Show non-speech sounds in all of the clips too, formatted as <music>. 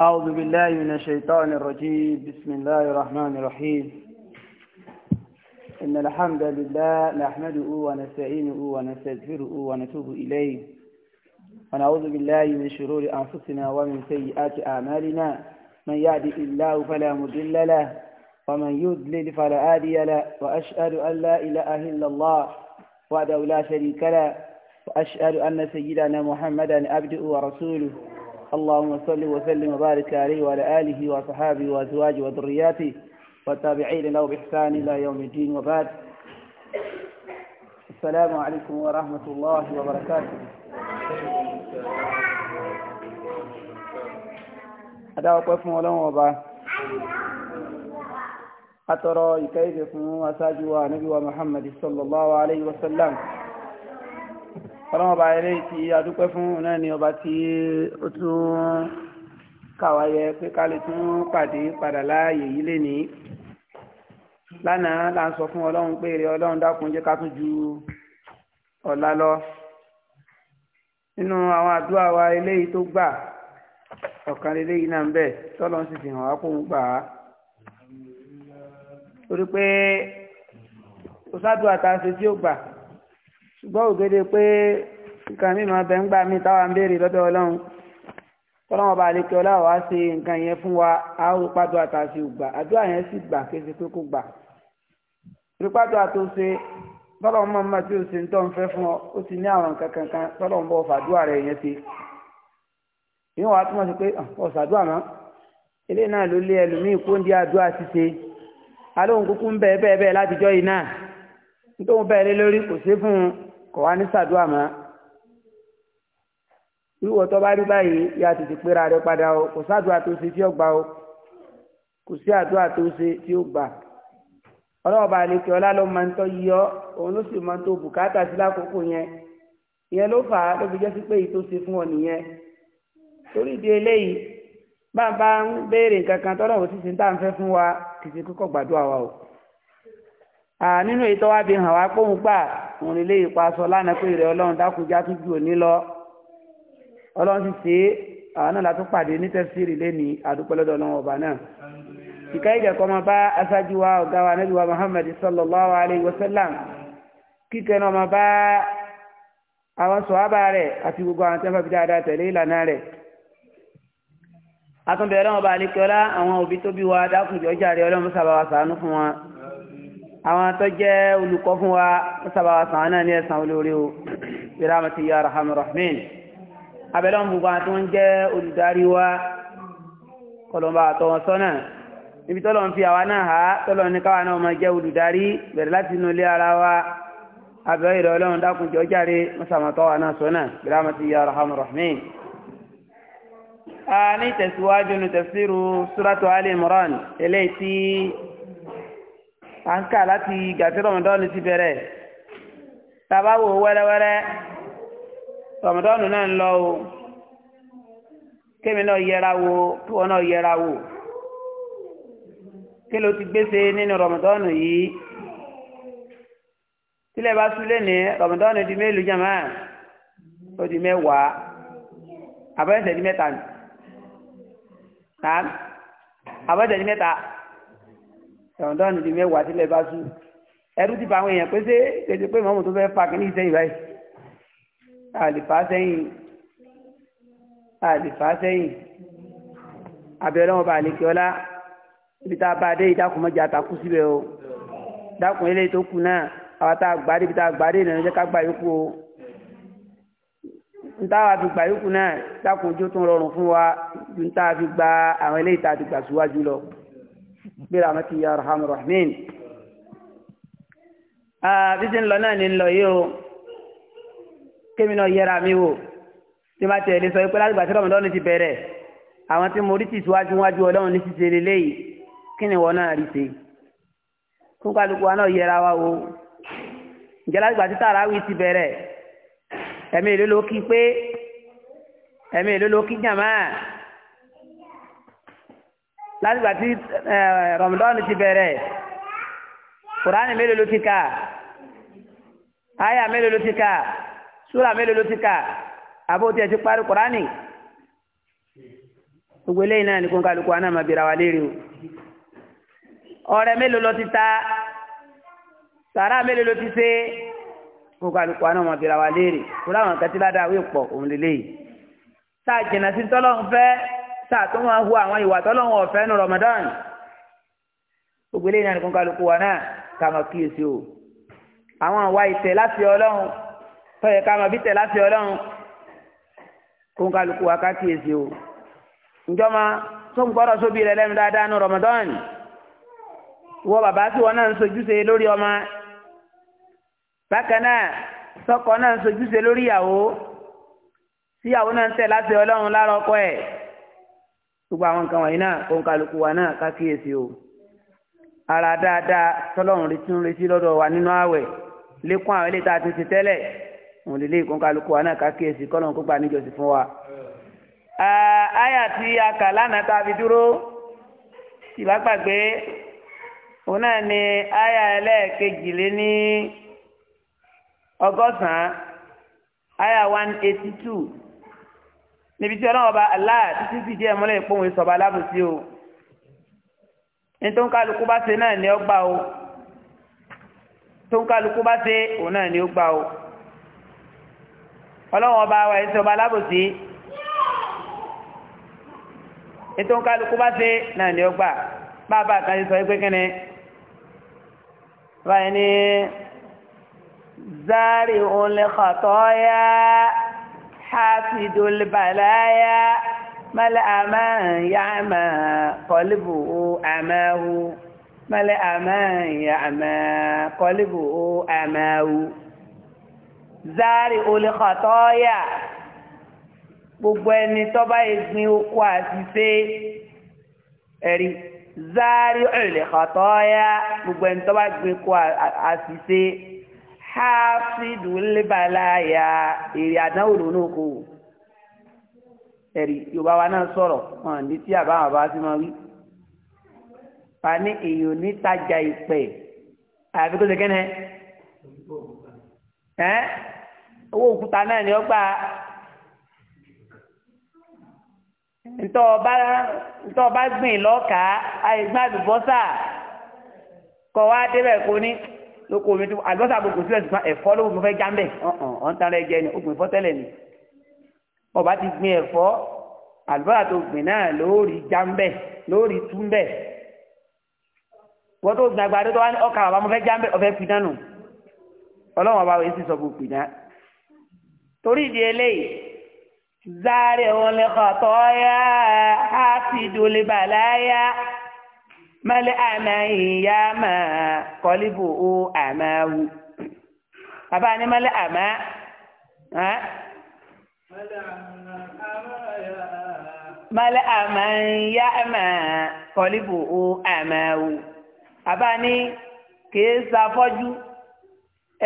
أعوذ بالله من الشيطان الرجيم بسم الله الرحمن الرحيم إن الحمد لله نحمده ونستعينه ونستغفره ونتوب إليه ونعوذ بالله من شرور أنفسنا ومن سيئات أعمالنا من يهده الله فلا مضل له ومن يضلل فلا هادي له وأشهد أن لا إله إلا الله وحده لا شريك له وأشهد أن سيدنا محمدا عبده ورسوله اللهم صل وسلم وبارك عليه وعلى آله وصحابه وأزواجه وذرياته والتابعين له بإحسان إلى يوم الدين وبعد السلام عليكم ورحمة الله وبركاته هذا pẹ́ fún ọlọ́run ọba atọrọ كيف ìdè fún aṣáájú محمد صلى الله عليه وسلم ọlọ́run ọba eré tí adúpẹ́ fún náà ni ọba tí ó tún kàwáyẹ pé ká lè tún pàdé padà láàyè yìí lénìí lánàá là ń sọ fún ọlọ́run pé èrè ọlọ́run dákun jẹ́ ká tún ju ọ̀la lọ nínú àwọn àdúrà wa eléyìí tó gbà ọ̀kan eléyìí náà ń bẹ tọ́lọ́run sì fi hàn wá kó ń gbà á torí pé kò sádùn àtàṣe tí ó gbà ṣùgbọ́n ògede pé nǹkan mímọ abẹ ń gbà mí táwa ń béèrè lọ́dọ̀ ọlọ́run tọ́lọ́wọ́n bá lè kí ọlọ́wọ́ wá ṣe nǹkan yẹn fún wa á ó pàdó àtàṣe ògbà àdúrà yẹn sì gbà kéṣe pé kò gbà rípàdó àtúnṣe tọ́lọ́wọ́n mọ̀ mọ́ tí o ṣe ń tọ́ ń fẹ́ fún ọ ó ti ní àwọn nǹkan kankan tọ́lọ́wọ́n bọ́ fàdúrà rẹ̀ yẹn ṣe ìyẹn wàá túmọ̀ sí pé ọ̀sàdúrà ah, mọ́ ilé náà ló lé ẹlòmíì kó ń di àdúrà ṣíṣe alóhùn kúkú ń bẹ́ẹ̀ bẹ́ẹ̀ bẹ́ẹ̀ látijọ́ yìí náà nítorí bẹ́ẹ̀ lé lórí kò ṣe fún un kọ̀ wá ní sàdúrà mọ́ wíwọ tó bá rí báyìí yá tètè péra rẹ padà o kò sàdúrà tó ṣe tí ó gbà o kò sí àdúrà tó ṣe tí ó gbà ọlọ́ọ̀bà àlekè ọlá ló máa ń tọ́ yíyọ òun ló sì máa ń tó bùkátà sí lákòókò yẹn ìyẹn ló fà á ló fi jẹ́ sí pé èyí tó ṣe fún ọ nìyẹn torí ìdí eléyìí bá a bá ń béèrè nǹkan kan tọ́lọ́wọ́ sì ti ń tà ń fẹ́ fún wa kìí ṣe kókó gbàdúrà wa o nínú èyí tó wá fi hàn wá pòun gbà òun lè léyìí pa aṣọ lánàá pé ìrẹ ọlọ́run dákúnjá tún ju òní lọ ọlọ́run sì ṣe àwọn náà látún pàdé ní tẹ́sírì lẹ́nìí àdúpẹ́lọ́dọ̀ ọlọ́run ọba náà ìka ìjẹ̀kọ́ máa bá aṣáájú wa ọ̀gá wa nẹ́bí wa Muhammad sallallahu alayhi wa sallam kíkẹ́ náà máa bá àwọn sọ̀hábà rẹ̀ àti gbogbo àwọn tẹ́fà fi dáadáa tẹ̀lé ìlànà rẹ̀ àtúnbẹ̀rẹ̀ ọlọ́run ọba àlekẹ́ọ́lá àwọn òbí tó bí wa dákúnjọ́ jàre ọlọ́run sábà wa ṣàánú fún wọn àwọn tó jẹ́ olùkọ́ fún wa sábà wa sàn náà ní ẹ̀sán olóore o biramati ya rahman rahman abẹ́lẹ́ wọn bùbá tó ń jẹ́ olùdarí wa kọlọ́mbà àtọ̀ wọn sọ́nà níbi tọ́lọ̀ ń fi àwa náà há tọ́lọ̀ ní káwa náà máa jẹ́ olùdarí bẹ̀rẹ̀ láti inú ilé ara wa abẹ́ ìrọ̀ à ń kà láti gàtí rọmọdọ́ọ̀nù ti bẹ̀rẹ̀ tàbá wò wẹ́rẹ́wẹ́rẹ́ rọmọdọ́ọ̀nù náà ń lọ o kémi náà yẹra wo kí wọn náà yẹra wo kí ló ti gbèsè nínú rọmọdọ́ọ̀nù yìí tílẹ̀ bá súlé ní rọmọdọ́ọ̀nù di mélòó jàmá ó di mẹ́wàá àbẹ́sẹ̀ di mẹ́ta àbẹ́sẹ̀ di mẹ́ta rọ̀ǹdọ́n ní di mẹ́wàá sílẹ̀ bá sùn ẹrú ti bá àwọn èèyàn pé ṣé kéde pé mọ́mù tó fẹ́ fa kí ní ìsẹ́yìn báyìí àlìfà sẹ́yìn àlìfà sẹ́yìn àbẹ̀rẹ̀ wọn bá àlèkè ọlá ibi tá a bá dé ìdákùn mọ́jà àtàkù síbẹ̀ o dákùn eléyìí tó kù náà àwọn tá a gbà dé ibi tá a gbà dé ìrìnàjò jẹ́ ká gbà yókù o ntaawa fi gbà yókù náà dákùn ojú tó rọrùn fún wa ju ntaawa fi gba àwọn eléyìí tá a gbà síwájú lọ. برحمتك يا أرحم الراحمين bísí ńlọ náà ní ńlọ yìí o kémi náà yẹra mi wò tí bá tẹ̀lé sọ pé láti gbàtí Ramadan ti bẹ̀rẹ̀ àwọn tí mo rí ti síwájú wájú ọlọ́run ní ṣíṣe lélẹ́yìí kí ni wọn náà rí ṣe wa náà yẹra wa wò ǹjẹ́ láti gbàtí ti bẹ̀rẹ̀ ẹ̀mí èlò ló kí pé ẹ̀mí èlò ló kí jàmáà. gbà tí Ramadan ti bẹ̀rẹ̀ kùránì mélòó ló ti kà àyà mélòó ló ti kà súrà mélòó ló ti kà àbó tiẹ̀ ti parí kùránì gbogbo eléyìí náà ní kó kálukú àná máa bìrà wà léèrè o ọrẹ mélòó ló ti ta sàrà mélòó ló ti léèrè wípọ̀ òun jìnnà sí táà tó máa hu àwọn ìwà tọ́lọ́wọ́n ọ̀fẹ́ nu Ramadan gbogbo eléyìí náà nìkan kálukú wa náà ká máa kíyèsí o àwọn àwa ìtẹ̀ láti Ọlọ́run tọ́yẹ ká máa bí tẹ̀ láti Ọlọ́run kó wa ká kíyèsí o ǹjọ́mọ tó ń gbọ́dọ̀ sóbi rẹ lẹ́nu dáadáa nu Ramadan wọ bàbá tí wọn náà ń sojúṣe lórí ọmọ bákan náà sọkọ náà ń sojúṣe lórí ìyàwó tíyàwó náà ń tẹ̀ láti Ọlọ́run lára ẹ̀ gbogbo àwọn nǹkan wọ̀nyí náà òun wa náà ká o ara dáadáa tọ́lọ́run retí ń retí lọ́dọ̀ wa nínú ààwẹ̀ lékún àwọn eléyìí tá a ti ṣe tẹ́lẹ̀ òun lè lé ìkún kálukú wa náà ká kíyèsí kọ́lọ́run kó gbà níjọsìn fún wa. àyà tí a kà lánàá tá a fi dúró tí gbàgbé òun náà ni àyà ẹlẹ́ẹ̀kejì lé ní ọgọ́sàn-án àyà one eighty two níbi tí ọlọ́run ọba Allah títí sì díẹ̀ múlẹ̀ ìpòhùn ìsọ̀ba alábòsí o nítorí kálukú bá ṣe náà ni ó gbà o nítorí kálukú bá ṣe òun náà ni ó gbà o ọlọ́run ọba wa ìsọ̀ba alábòsí nítorí kálukú bá ṣe náà ni ó gbà bàbá kan ti sọ pé kíni báyìí ni zari òun yá hafidul balaya mal'aman ya'ma qalbuhu amahu mal'aman ya'ma qalbuhu amahu zari ul khataya gbogbo ẹni tó bá ìgbìn oko àti ṣe ẹ̀rí zari ul khataya gbogbo ẹni tó bá oko àti ṣe hasidu libalaya èrè àdánwò lòun náà kò wò ẹ̀rí yorùbá wa náà sọ̀rọ̀ hàn ní tí àbá àbá sí máa wí. fa ní èèyàn nítajà ìpè àbí kó ṣe kẹ́nẹ́ ẹ́ owó òkúta náà ni ó gbà ntọ́ ọba ntọ́ ọba gbìn lọ́ọ̀ká àìgbà àdùbọ́sà kọ́ wa débẹ̀ kó lóko mi tó àlùbọ́sà gbogbo sílẹ̀ ṣùgbọ́n ẹ̀fọ́ lówó mo fẹ́ já mbẹ́ ọ̀hún ọ̀hún tán rẹ jẹ ni ó gbìn ẹ̀fọ́ tẹ́lẹ̀ ni ọba ti gbìn ẹ̀fọ́ àlùbọ́sà tó gbìn náà lórí já mbẹ́ lórí tú mbẹ́ wọ́n tó gbìn àgbàdo tó wá ní ọkà bàbá mo fẹ́ já mbẹ́ ọfẹ́ pinna nù ọlọ́wọ́n bá wọ́n ti sọ gbogbo pinna torí ìdí eléyìí zárẹ̀ wọn lẹ́kọ̀ọ́ tọ́ yá á sì dolè bàlá yá mẹ́lẹ́ àmà ìyá mà kọ́líbù ó àmà wù. bàbá ni mẹ́lẹ́ àmà. mẹ́lẹ́ àmà ìyá mà kọ́líbù ó àmà wù. bàbá ni kìí ṣàfọ́jú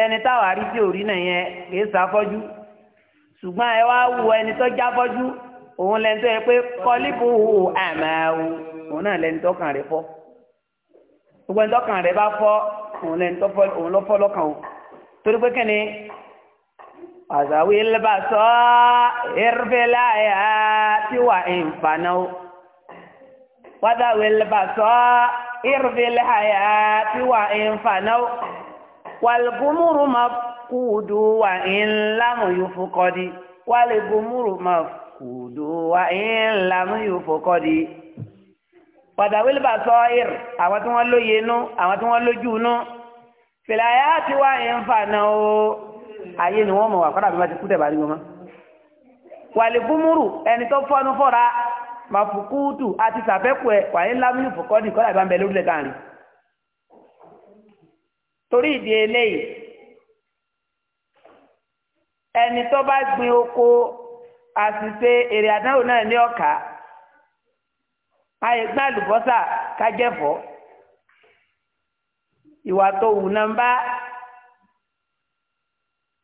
ẹni táwọn àrídìí òrí nìyẹn kìí ṣàfọ́jú ṣùgbọ́n ẹ wá wo ẹni tó jáfọ́jú òun lẹ́ni tó yẹ pé kọ́líbù ó àmà wù òun náà lẹ́ni tó kàn rẹ̀ fọ́ gbogbo ẹni tọ́kàn rẹ̀ bá fọ́ òun lẹ́ni tó fọ́ òun ló fọ́ lọ́kàn o torí pé kíni àzàwí lẹ́bà sọ ẹrẹ́fẹ́lá ẹ̀yà tí wà ìǹfààná o wàdàwí lẹ́bà sọ ẹrẹ́fẹ́lá ẹ̀yà tí wà ìǹfààná o wàlùkùmùrù máa kúùdù wà ìǹlámù yóò fọkọ́ di wàlùkùmùrù máa kúùdù wà ìǹlámù yóò fọkọ́ di pàdàwìlì bá sọ ìr àwọn tí wọ́n lóye inú àwọn tí wọ́n lójú inú fìlàyà ti wá ìǹfà náà o ayé ni wọ́n mọ̀ wà kọ́dà bí wọ́n ti kú tẹ̀bà nígbà mọ́. wàlìkúmùrù ẹni tó fọ́nu fọ́ra màfùkúùtù àti sàfẹ́kù ẹ̀ wàyí lámìlì fòkọ́dì kọ́dà bí wọ́n bẹ lórílẹ̀ káàrin. torí ìdí eléyìí ẹni tó bá gbin oko àṣìṣe èrè àdánwò náà ní ọ̀ka ayé gbá àlùbọ́sà kájẹ́fọ́ ìwà tó wù náà ń bá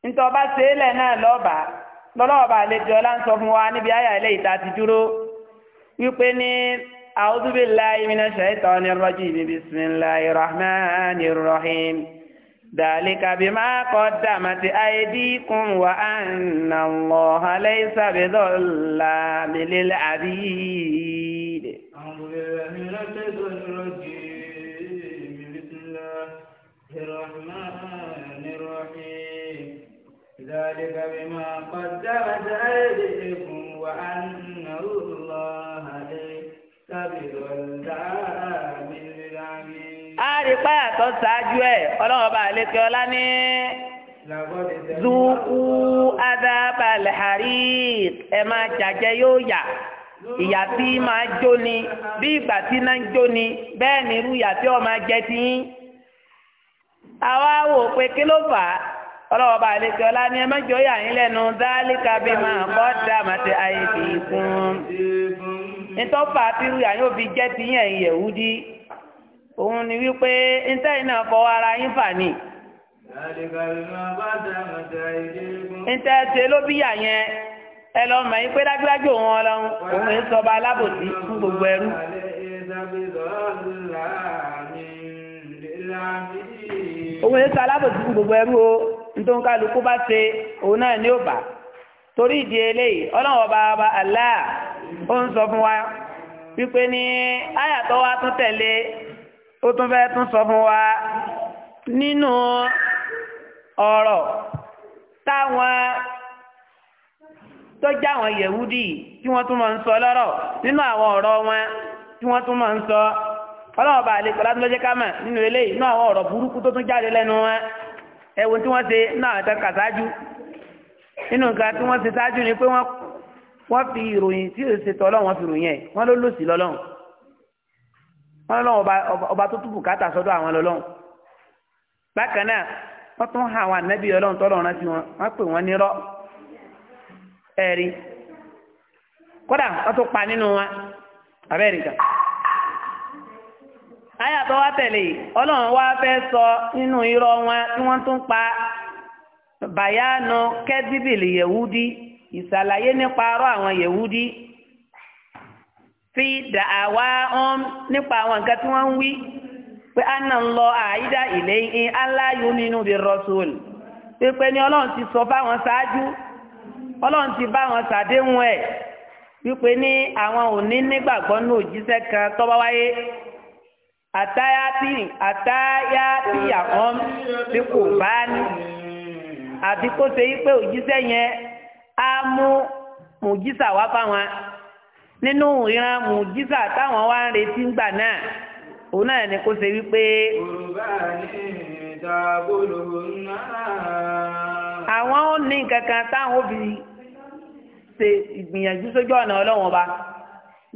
nítorí ọba sèélẹ̀ náà lọ́ọ̀bà lọ́lọ́ọ̀bà àlejò ọlá ń sọ fún wa níbi ayà ilé ìta ti dúró wípé ní a'udhu billahi minash shaitanir rajim bismillahir rahmanir rahim dhalika bima qaddamat aydikum wa anna Allaha laysa bidhallamin lil 'abid. من الشيطان الرجيم بسم الله الرحمن الرحيم ذلك بما قدمت أيديكم وأن الله ليس بظلام للعبيد àrípá yàtọ̀ ṣáájú ẹ̀ ọlọ́run ọba àlékè ọlá ní zuku adaba alhariq ẹ máa jàjẹ yóò yà ìyà tí máa jó ni bí ìgbà tí náà ń jó ni bẹ́ẹ̀ ni irú ìyà tí ó máa jẹ ti yín. àwa wò pé kí ló fà á ọlọ́wọ́ bá àlejò ọlá ni ẹ má jọ yà yín lẹ́nu dálíkà bí máa kọ́ dá màtí ayé fi kún. nítọ́fà tí irú ìyà yóò fi jẹ́ ti yín ẹ̀yin Yẹ̀húdí òun ni wípé ntẹ́yìn náà fọwọ́ ara yín fà ní. ntẹ́ ṣe ló bí yà yẹn ẹ lọ mọ̀ yín pé dájúdájú òun ọlọ́run òun ń sọba alábòsí fún gbogbo ẹrú. òun ń sọ alábòsí fún gbogbo ẹrú o nítorí kálukú bá ṣe òun náà ní òbá torí ìdí eléyìí ọlọ́run ọba ọba Allah ó ń sọ fún wa wípé ní àyàtọ̀ wa tún tẹ̀lé ó tún fẹ́ tún sọ fún wa nínú ọ̀rọ̀ táwọn tó já àwọn yẹ̀wúdì tí wọ́n tún máa ń sọ lọ́rọ̀ nínú àwọn ọ̀rọ̀ wọn tí wọ́n tún máa ń sọ ọlọ́wọ́ bá lè pẹ̀lú lọ́jẹ́ ká mà nínú eléyìí nínú àwọn ọ̀rọ̀ burúkú tó tún jáde lẹ́nu wọn ẹ̀wò tí wọ́n ṣe náà àtàkà sáájú nínú nǹkan tí wọ́n ṣe sáájú ni pé wọ́n fi ìròyìn tí ò ṣe tọ́lọ́ wọn fi ròyìn ẹ̀ wọ́n ló lòsì lọ́lọ́run wọ́n lọ́wọ́ ọba tó túbù káàtà sọ́dọ̀ àwọn lọ́lọ́run bákan náà wọ́n ẹ̀rí kódà wọ́n tún pa nínú wa abẹ́rìkà. àyà tó wá tẹ̀lé ọlọ́run wa fẹ́ sọ nínú irọ́ wọn tí wọ́n tún pa bàyánu kẹ́díbìlì yẹ̀wúdí ìsàlàyé nípa arọ́ àwọn yẹ̀wúdí fi dàwa ọ́n nípa àwọn nǹkan tí wọ́n ń wí pé anna ń lọ àyídá ìlẹ́yìn aláyún nínú bí rọ́ṣọ́ọ̀lù ni ọlọ́run ti sọ fáwọn ṣáájú. ọlọ́run ti bá wọn ṣàdéhùn ẹ̀ wípé ní àwọn ò ní nígbàgbọ́ ní òjíṣẹ́ kan tó bá wáyé àtáyátì àtáyátì àwọn tí kò bá ní àbí kó ṣe wípé òjíṣẹ́ yẹn á mú mùjísà wá fáwọn nínú ìran mùjísà táwọn wá ń retí ńgbà náà òun náà ni kó ṣe wípé. àwọn ò ní nǹkan kan táwọn ò ṣe ìgbìyànjú sójú ọ̀nà ọlọ́wọ́n ọba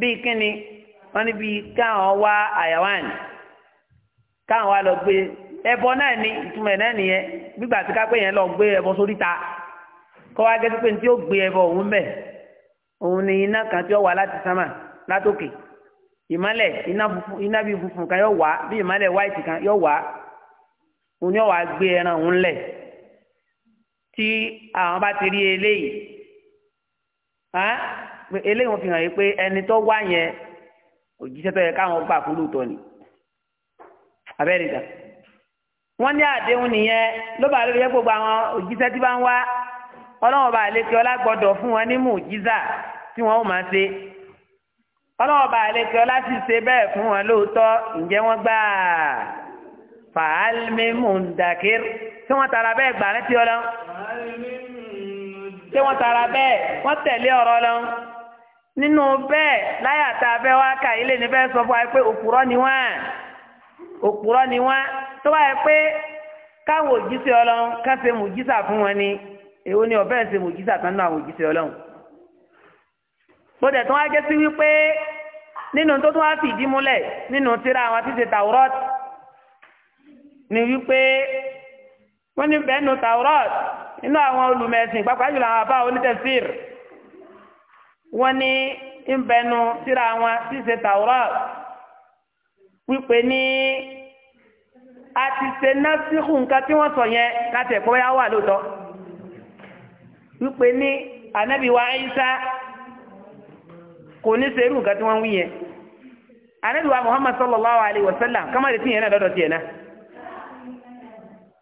bíi kíni wọ́n ní bíi káwọn wá àyàwáàn káwọn wá lọ gbé ẹbọ náà ní ìtumọ̀ ẹ̀ náà nìyẹn gbígbà tí kápẹ́ yẹn lọ gbé ẹbọ sórí ta kọ́ wá gẹ́gẹ́ pé tí ó gbé ẹbọ òun bẹ̀ òun ni iná kan tí ó wà láti sánmà látòkè ìmọ́lẹ̀ iná funfun iná bíi funfun kan yóò wá bíi ìmọ́lẹ̀ wáìtì kan yóò wá òun yóò wá gbé ẹran òun lẹ̀ tí àwọn bá ti rí eléyìí eléyìí wọn fi hàn yín pé ẹni tó wá yẹn òjíṣẹ́ tó yẹ káwọn gbà fún lóòótọ́ ni abẹ́rẹ́ ìjà wọ́n ní àdéhùn nìyẹn ló bá lórí yẹ gbogbo àwọn òjíṣẹ́ tí bá ń wá ọlọ́wọ́n bá lékè ọlá gbọ́dọ̀ fún wọn ní mùjíṣà tí wọ́n ó máa ṣe ọlọ́wọ́n bá lékè ọlá sì ṣe bẹ́ẹ̀ fún wọn lóòótọ́ ǹjẹ́ wọ́n gbà fàálmì tí wọ́n tara bẹ́ẹ̀ gbà rántí ọlọ́run ṣé wọ́n tara bẹ́ẹ̀ wọ́n tẹ̀lé ọ̀rọ̀ lọ nínú bẹ́ẹ̀ láyà tá a bẹ́ wá kà yìí lè ní bẹ́ẹ̀ sọ fún wa pé òpùrọ́ ni wọ́n òpùrọ́ ni wọ́n tó wáyé pé káwọn òjíṣẹ́ ọlọ́run ká ṣe mùjíṣà fún wọn ni èwo ni ọ̀bẹ́ ṣe mùjíṣà kan náà àwọn òjíṣẹ́ ọlọ́run tó wá jẹ́ sí wípé nínú tó tún wá fìdí múlẹ̀ nínú tíra àwọn títí tàwúrọ́ọ̀tì ni wípé wọ́n ní bẹ́ẹ̀ nu tàwúrọ́ọ̀tì. nínú àwọn olùmẹ̀sìn pàápàá jùlọ àwọn àbá onítẹ̀sír wọ́n ní ń síra wọn ṣíṣe tàwọ́rọ̀ wípé ní a ti ṣe násìkò nǹkan tí wọ́n sọ yẹn láti ẹ̀kọ́ yá wà lóòótọ́ wípé ní ànábì wa Ìsá kò ní ṣerú nǹkan tí wọ́n wí yẹn ànábì wa Muhammad sallallahu alayhi wa sallam kọ́mọ̀lẹ́tì yẹn náà lọ́dọ̀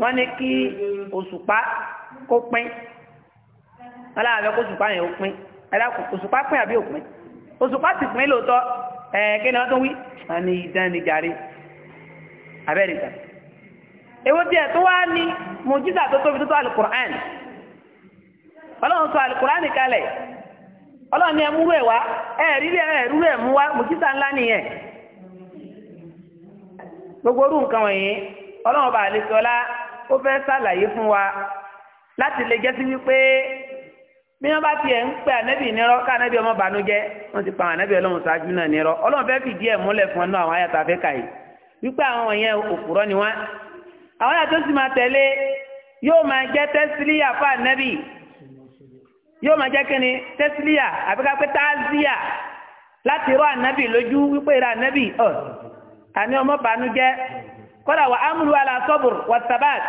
wọ́n ní kí òṣùpá kó pín wọ́n láwọn fẹ́ kó òṣùpá yẹn ó pín ẹ̀dàkùn òṣùpá pín àbí òpin òṣùpá ti pín lóòótọ́ ẹ̀ kí ni wọ́n tún wí wọ́n ní ìdánidàrí abẹ́rẹ́ ìdánidàrí ewo tiẹ̀ tó wá ní mùjísà tó tóbi tó tó alukur'an ọlọ́run sọ alukur'an kalẹ̀ ọlọ́run ni ẹ múrú ẹ̀ wá ẹ rírí ẹ rúrú mú wá mùjísà ńlá nìyẹn gbogbo orú nǹkan wọ̀nyí ọlọ́run bá àlejò ọlá ó fẹ́ sàlàyé fún wa láti lè jẹ́ sí wípé bí wọ́n bá tiẹ̀ ń pè ànábì nírọ́ ká ànábì ọmọ bànújẹ́ wọ́n ti pa àwọn ànábì ọlọ́run ṣáájú náà nírọ́ ọlọ́run fẹ́ fìdí ẹ̀ múlẹ̀ fún ọnú àwọn àyàtà fẹ́ kàyé wípé àwọn yẹn òpùrọ́ ni wọ́n àwọn àyàtọ̀ sì máa tẹ̀lé yóò máa jẹ́ tẹ́sílíyà fún ànábì yóò máa jẹ́ kíni tẹ́sílíyà àbí pé táàzíyà láti rọ ànábì lójú wípé ìrà ànábì ọ̀ àní ọmọ bànújẹ́ kọ́dà wa ámúlù aláṣọ́bùr wa tabat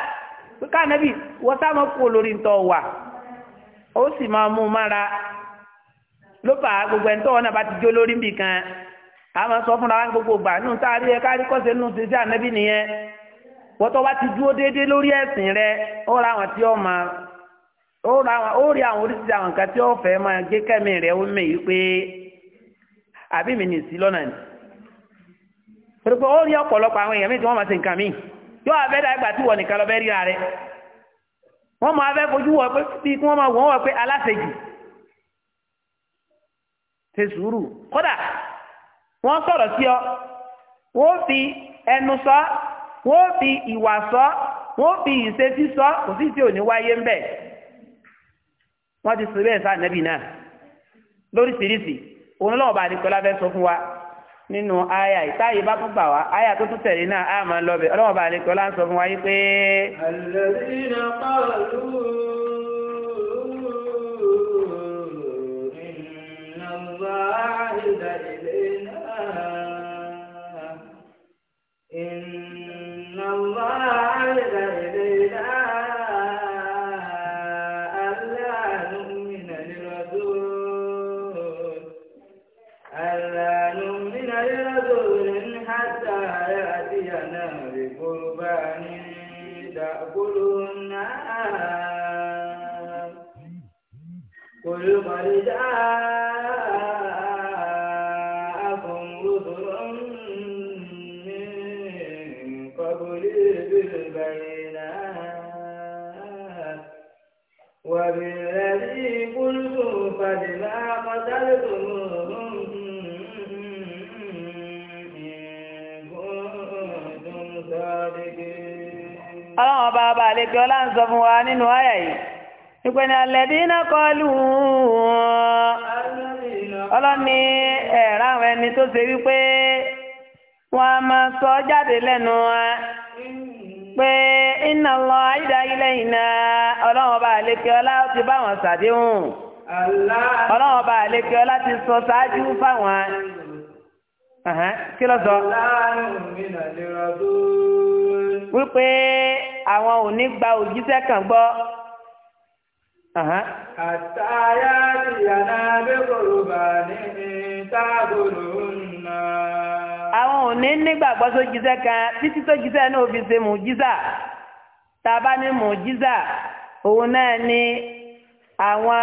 píkà nábì wọ́n sáà kú olórí ntọ́ wà ó sì máa mú mára ló fà á gbogbo wọn náà ti jó lórí kan sọ fúnra wa gbogbo gbà a ẹ kárí kọ́sẹ̀ nù sí ànábì nìyẹn wọ́n ti dúró déédéé lórí ẹ̀sìn rẹ ó ra àwọn tí ó ó rí àwọn oríṣiríṣi àwọn nǹkan tí ó fẹ́ máa gé ó yìí pé àbí mi nì sí lọ́nà ni torí pé ó rí ọ̀pọ̀lọpọ̀ àwọn èèyàn míì tí wọ́n máa ṣe nǹkan míì yóò abẹ́ dá ìgbà tí wọ́n nìkan lọ bẹ́ ríra rẹ̀ wọ́n máa fẹ́ fojú wọ pé bí kí wọ́n máa wọ́n wọ pé aláṣejù ṣe sùúrù kódà wọ́n sọ̀rọ̀ sí ọ wọ́n fi ẹnu sọ wọ́n fi ìwà sọ wọ́n fi ìṣesí sọ kò sí tí ò ní wáyé ń bẹ̀ wọ́n ti sọ bẹ́ẹ̀ sáà nẹ́bì náà lóríṣiríṣi òun lọ́wọ́ bá a nínú àyà ìtàyè bá tún gbà wá àyà tó tún tẹ̀lé náà àmọ́ lọ́bẹ̀ ọlọ́wọ́ bá lè kọ́ láǹsọ fún wa yí pé. àlẹ́ sọ fún wa nínú àyà yìí nípa ní ọlọ́ni ẹ̀rọ àwọn ẹni tó ṣe wípé wọ́n a máa sọ jáde lẹ́nu wa pé iná lọ ayídáyílẹ̀ iná ọlá ti bá wọn ṣàdéhùn sọ ṣáájú fáwọn kí sọ àwọn ò ní gba òjíṣẹ́ kan gbọ́. àtàyà ti yàrá bẹ́kọ̀rọ̀ bá nínú táàbùrù nà. àwọn ò ní nígbàgbọ́ tó jíṣẹ́ kan títí tó jíṣẹ́ náà fi ṣe mùjíṣà tá a bá ní mùjíṣà òun náà ni àwọn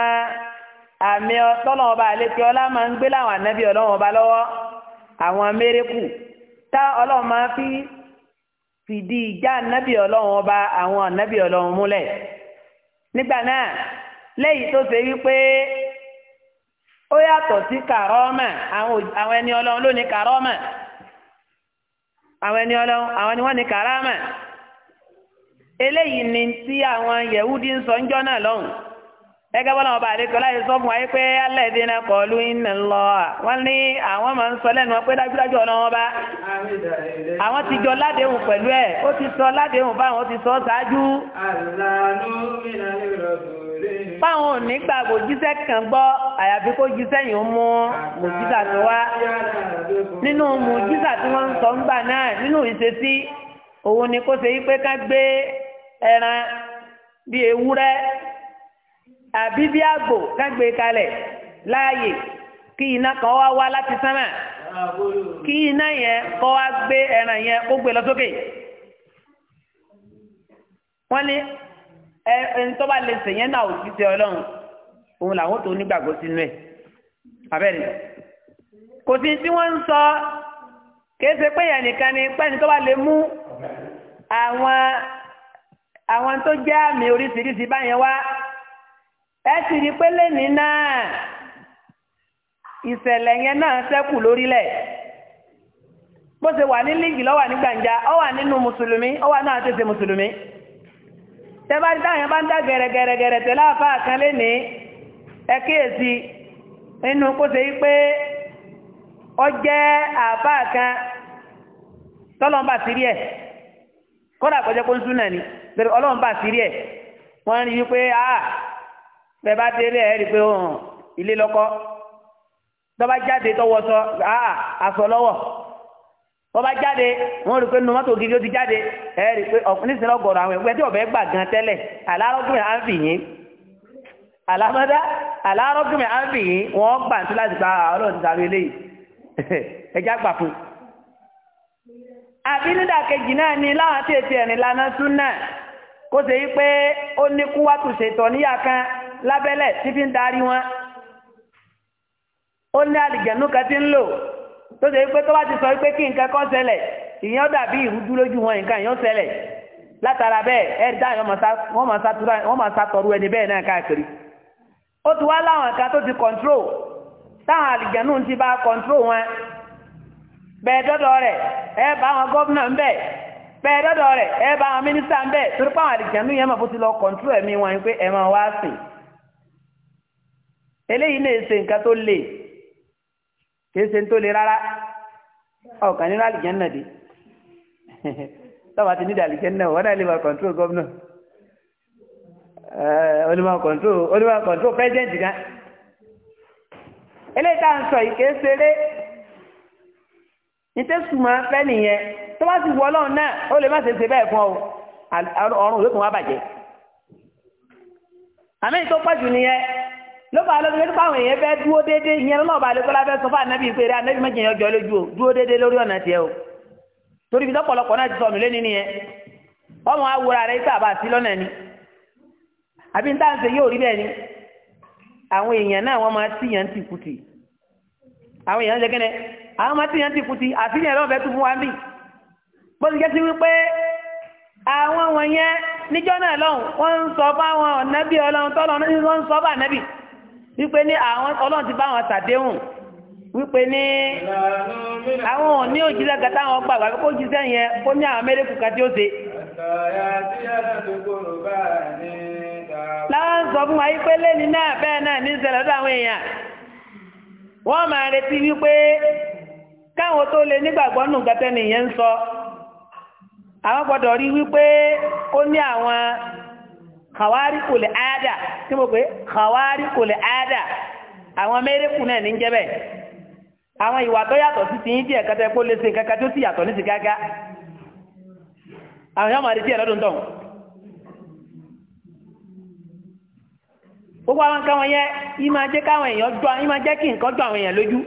àmì ọtọ́lọ́wọ́ ọba àlékè ọlá máa ń gbé láwọn ànábì ọlọ́wọ́ ọba lọ́wọ́ àwọn mérekù tá ọlọ́wọ́ máa fi fìdí ìjà ànábì ọlọ́run ọba àwọn ànábì ọlọ́run múlẹ̀ nígbà náà léyìí tó ṣe wípé ó yàtọ̀ sí kàrọ́mà àwọn ẹni ọlọ́run ló ní kàrọ́mà àwọn ẹni ọlọ́run ni wọ́n ní eléyìí ni tí àwọn yẹ̀wúdí ń sọ náà lọ́hùn gẹ́gẹ́ bọ́lá ọba àdékọ́ láyé sọ fún wa pé alẹ́ wọ́n ní àwọn ọba àwọn ti jọ ládéhùn pẹ̀lú ẹ̀ ó ti sọ ládéhùn báwọn ti sọ ṣáájú. báwọn ò ní gbà kò jíṣẹ́ kan gbọ́ àyàfi kó jíṣẹ́ yìí ń mú mùjíṣà tó wá nínú mùjíṣà tí wọ́n ń sọ ń gbà náà nínú ìṣesí òun ni kó ṣe yí pé ká gbé ẹran bíi ewúrẹ́ àbí bíi àgbò ká gbé kalẹ̀ láàyè kí iná kan wá wá láti sánmà kí iná yẹn kọ́ wá gbé ẹran yẹn kó gbé lọ sókè wọ́n ní ẹni tó bá lè sèyẹn náà ò sí ti ọlọ́run òun làwọn tó nígbàgbọ́ sínú ẹ̀ abẹ́rẹ́ kò sí tí wọ́n ń sọ kéèsè pé yẹn nìkan ni pẹ́ni tó bá lè mú àwọn àwọn tó jẹ́ àmì oríṣiríṣi báyẹn wá ẹ sì rí pé lẹ́nìí náà. ìṣẹ̀lẹ̀ yẹn náà ṣẹ́kù lórílẹ̀ bó ṣe wà ní líǹkì lọ́wà ní gbàǹjà ọ wà nínú mùsùlùmí ọ wà náà tètè mùsùlùmí tẹ́bá ní bá ń dá gẹ̀rẹ̀gẹ̀rẹ̀gẹ̀rẹ̀ tẹ́lá àfa kan lé ní ẹ nínú kó ṣe pé ọ jẹ́ àfa kan tọ́lọ́mbà sírí ẹ̀ kọjá kó ń sún náà ni tọ́ba jáde tọwọ́ sọ àà aṣọ lọ́wọ́ tọ́ba jáde wọ́n rí i pé nu mọ́tò gidi ó ti jáde ẹ rí i pé ọkùnrin sílẹ̀ ọgọ̀rọ̀ àwọn ẹgbẹ́ tí ọ̀bẹ gbà gan tẹ́lẹ̀ alárọ́gbìn à ń fì yín alámọ́dá alárọ́gbìn à ń fì yín wọ́n gbà tí láti gba ọlọ́run ti sàmì eléyìí ẹja gbà fún. àbí nídàkejì náà ni láwọn tí èsì ẹ̀rìn lana sún náà kó ṣe yí pé ó ní kúwàtù ṣètò níyà kan lábẹ́lẹ̀ tí fi ń darí wọn ó ní àlìjẹ̀nú kan ti ń lò tó ṣe wípé tó bá ti sọ wípé kí nǹkan kan ṣẹlẹ̀ ìyẹn dàbí ìrújú lójú wọn nǹkan ìyẹn ṣẹlẹ̀ látara bẹ́ẹ̀ ẹ̀rí dáhùn máa sátọrú ẹni bẹ́ẹ̀ náà káàkiri ó ti wá láwọn tó ti táwọn àlìjẹ̀nú ti bá wọn bẹ́ẹ̀ dọ́dọ̀ rẹ̀ ẹ bá gómìnà ń bẹ̀ bẹ́ẹ̀ dọ́dọ̀ rẹ̀ ẹ bá mínísítà ń bẹ̀ torí pé àwọn àlìjẹ̀nú yẹn máa bó ti lọ control ẹ̀mí wọn pé ẹ̀ máa wá eléyìí ṣe nǹkan tó le kìí ṣe tó le rárá ọkàn nínú àlìjẹ́nà dé tọ́wọ́ ti nídìí àlìjẹ́nà wọ́n náà lè máa kọ̀ǹtró gómìnà onímọ̀ kọ̀ǹtró onímọ̀ kọ̀ǹtró pẹ́sidẹ́ǹtì gan. eléyìí tá à ń sọ yìí kìí ṣeré ìtẹ́sùmọ̀ fẹ́ nìyẹn tó bá ti wọ ọlọ́run náà ó lè má ṣe ṣe bẹ́ẹ̀ fún ọ ọrùn yóò tún wá bàjẹ́ àmì ìtọ́pọ̀ jù nìyẹn ló bá lọ́dún lẹ́nu fáwọn èèyàn fẹ́ dúró dédé ìyẹn lọ́wọ́ bá lẹ́kọ́ lábẹ́ sọ fún ànábì pé rẹ ànábì méjì yẹn jọ lójú o dúró dédé lórí ọ̀nà tiẹ̀ o torí ibi tọ́pọ̀lọpọ̀ náà ti sọnù lẹ́ni nìyẹn ọmọ awura rẹ ipa àbá sí lọ́nà ni àbí ń táǹsẹ̀ yóò rí bẹ́ẹ̀ ni àwọn èèyàn náà wọ́n máa tì yàn tì kùtì àwọn èèyàn ṣe kẹ́nẹ́ àwọn máa tì yàn tì kùtì àfihàn lọ́wọ́ fẹ́ tún fún wa ń bì bó ti jẹ́ sí wípé àwọn wọ̀nyẹn níjọ́ náà lọ́hùn wọ́n ń sọ fáwọn ọ̀nàbí ọlọ́run tọ́lọ́run wọ́n ń sọ fáwọn ọ̀nàbí wípé ní àwọn ọlọ́run ti bá wọn ṣàdéhùn wípé ní àwọn òní òjíṣẹ́ kata àwọn gbà wá kó jíṣẹ́ yẹn kó ní àwọn mẹ́rẹ́kù kàdí ó ṣe. láwọn sọ fún wa wípé lẹ́ni náà bẹ́ẹ̀ náà ní ìṣẹ̀lẹ̀ lọ́dọ̀ àwọn èèyàn wọ́n máa retí wípé káwọn tó lè nígbàgbọ́ nù gàtẹ́ nìyẹn ń sọ àwọn gbọ́dọ̀ Kawari kule ada, áádà tí mo pè kàwárí kò lè áádà àwọn mérekù náà ní jẹ́ bẹ́ẹ̀ àwọn ìwà tó yàtọ̀ sí ti yín díẹ̀ kẹtẹ kó lè ṣe kankan tó sì yàtọ̀ ní sìgágá àwọn yóò máa retí ẹ̀ tán. gbogbo àwọn nǹkan wọn yẹ ìmọ̀ jẹ́ káwọn èèyàn jọ ìmọ̀ jẹ́ kí nǹkan jọ àwọn èèyàn lójú.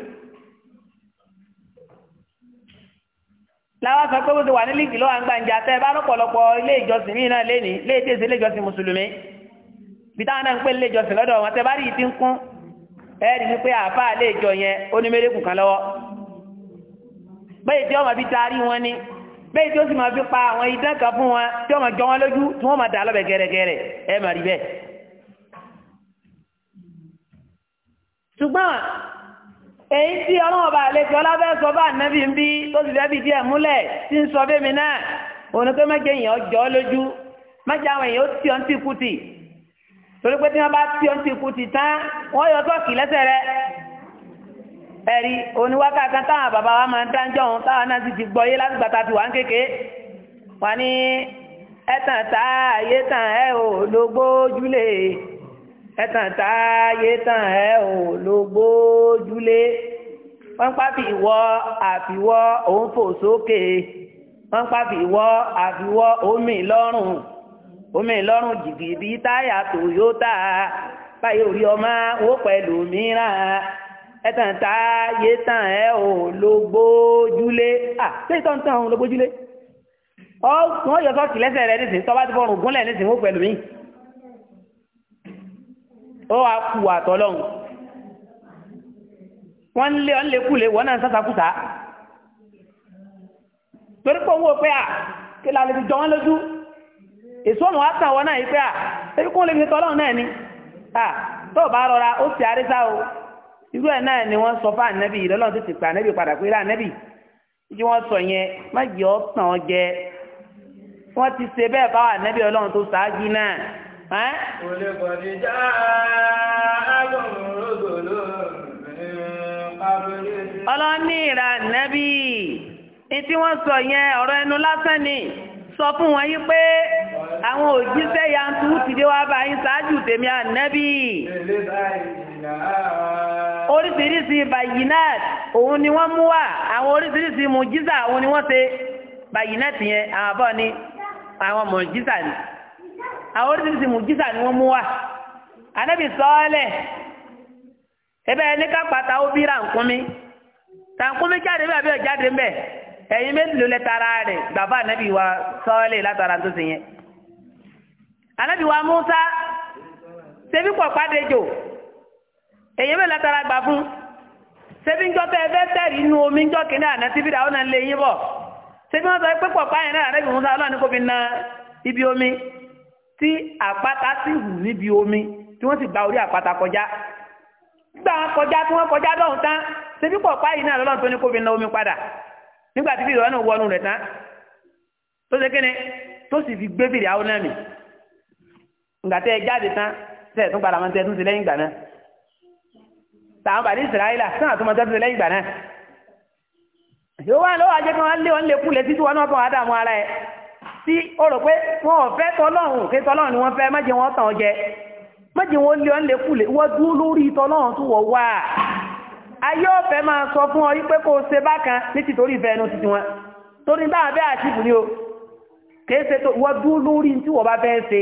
láwọn sọ pé bóṣe wà ní líìkì lọ́wọ́ àgbàǹjà tẹ́ bá lọ́pọ̀lọpọ̀ ilé ìjọsìn mí náà léni léèdè sí ilé ìjọsìn mùsùlùmí bí táwọn náà ń pè ilé ìjọsìn lọ́dọ̀ wọn tẹ́ bá rí i ti ń kún ẹ̀ẹ́dì ní pé àáfà ilé ìjọ yẹn ó ní mérekù kan lọ́wọ́ bẹ́ẹ̀ tí wọ́n máa fi taari wọn ni bẹ́ẹ̀ tí ó sì máa fi pa àwọn idán kan fún wọn tí wọ́n máa jọ wọn lójú tí wọ́n máa dà lọ́bẹ̀ èyí tí ọlọ́wọ́ bá lè fi ọlábẹ́ sọ bá nẹ́bí ń bí tó sì fẹ́bí díẹ̀ múlẹ̀ tí ń sọ bẹ́mi náà òun pé mẹ́jẹ èèyàn jọ lójú mẹ́jẹ àwọn èèyàn tí ọ́n ti kú tì torí pé tí wọ́n bá tí ọ́n ti kú tì tán wọ́n yọ tọ́ọ̀kì lẹ́sẹ̀ rẹ ẹ̀rí oníwákà kan táwọn bàbá wa máa ń dáńjọ́ òun táwọn náà sì ti gbọ́ yé láti gbàtà ti wà kéke wà ní ẹ̀tàn táà ayé tàn ẹ̀ ò ẹtàn táyé tàn ẹ ò ló gbójúlé wọ́n pàfi ìwọ àfiwọ́ òun fò sókè wọ́n pàfi ìwọ àfiwọ́ omi lọ́rùn omi lọ́rùn jìgìdì táyà Toyota báyìí orí ọmọ wó pẹ̀lú mìíràn ẹtàn táyé tàn ẹ ò ló gbójúlé à ṣé ìtàn tàn òun ló gbójúlé ọ wọ́n yọ sọ́ọ̀tì lẹ́sẹ̀ rẹ nísìnyí tọ́ba ti fọrùn gúnlẹ̀ nísìnyí wó pẹ̀lú mìíràn. ó wá kú wọ́n lé ọ́n le kúlé wọ́n náà sásakúta torí pé owó pé à kí la lè jọ wọ́n lójú náà à ebi kún lè fi náà ni à tó bá rọra ó o irú ẹ̀ náà ni wọ́n sọ fún ànẹ́bì ti pa padà pé wọ́n sọ yẹn má jẹ́ jẹ wọ́n ti bẹ́ẹ̀ ọlọ́run ولقد جاءكم رسل من قبل ọlọ́ní ìrà nẹ́bí tí wọ́n sọ yẹn ọ̀rọ̀ ẹnu lásán ni sọ fún wọn yí pé àwọn òjíṣẹ́ yanturu ti dé wá báyìí ṣáájú tèmi ànẹ́bí oríṣiríṣi bayinat òun ni wọ́n mú wá àwọn oríṣiríṣi mùjísà òun ni wọ́n ṣe bayinat yẹn àwọn àbọ̀ ni àwọn mùjísà ni àwọn oríṣiríṣi mùjísà ni wọ́n mú wá anábì sọ́ọ́lẹ̀ ebe ẹni ká pàtà ó bí rànkúnmí rànkúnmí jáde bí àbí ọ̀jáde ń bẹ̀ ẹ̀yin mélòó lẹ tara rẹ̀ bàbá anábì wa sọ́ọ́lẹ̀ látara tó sì yẹn anábì wa Musa ṣebí pọ̀ pàdé jò ẹ̀yin mélòó látara gbà fún ṣebí ń jọ́tọ̀ ẹ̀fẹ́ tẹ̀rí inú omi ń jọ́ kínní àná tíbi ìdáwọ́ náà lé yín bọ̀ ṣebí wọ́n sọ pé pọ̀ pààyàn náà anábì Musa ọlọ́run kò fi na ibi omi tí àpáta sì hù níbi omi tí wọ́n sì gba orí àpáta kọjá gbà wọn kọjá tí wọ́n kọjá lọ́hùn tán ṣebí pọ̀ páyì náà lọ́lọ́run tó ní kóbi na omi padà nígbà tí fìdí ọ̀hún náà wọnú rẹ̀ tán tó ṣe kéne tó sì fi gbé fìdí àwọn náà mì ǹgàtẹ́ jáde tán tẹ̀ tún padà máa ń tẹ́ tún sí lẹ́yìn ìgbà náà tàwọn bàdí ìsirayílà sínú àtúmọ̀ tẹ́ tún sí lẹ́yìn ìgbà náà yóò wá lọ́wọ́ ajẹ́ kí wọ́n lé wọn lè kú lẹ́sí tí wọn náà kàn wá dààmú ara tí ó rò pé wọn ò fẹ́ tọ́lọ́run òkè tọ́lọ́run ni wọ́n fẹ́ má jẹ́ wọn tàn jẹ má jẹ́ wọn lé ọ́n lè kú lè wọ́n dúró lórí tọ́lọ́run tó wọ̀ wá ayé ọ̀fẹ́ máa sọ fún ọ wípé kó o ṣe bákan ní tìtorí ìfẹ́ ẹnu títí wọn torí bá abẹ́ àtìkù ni o kìí ṣe tó wọ́n dúró lórí tí wọ́n bá fẹ́ ṣe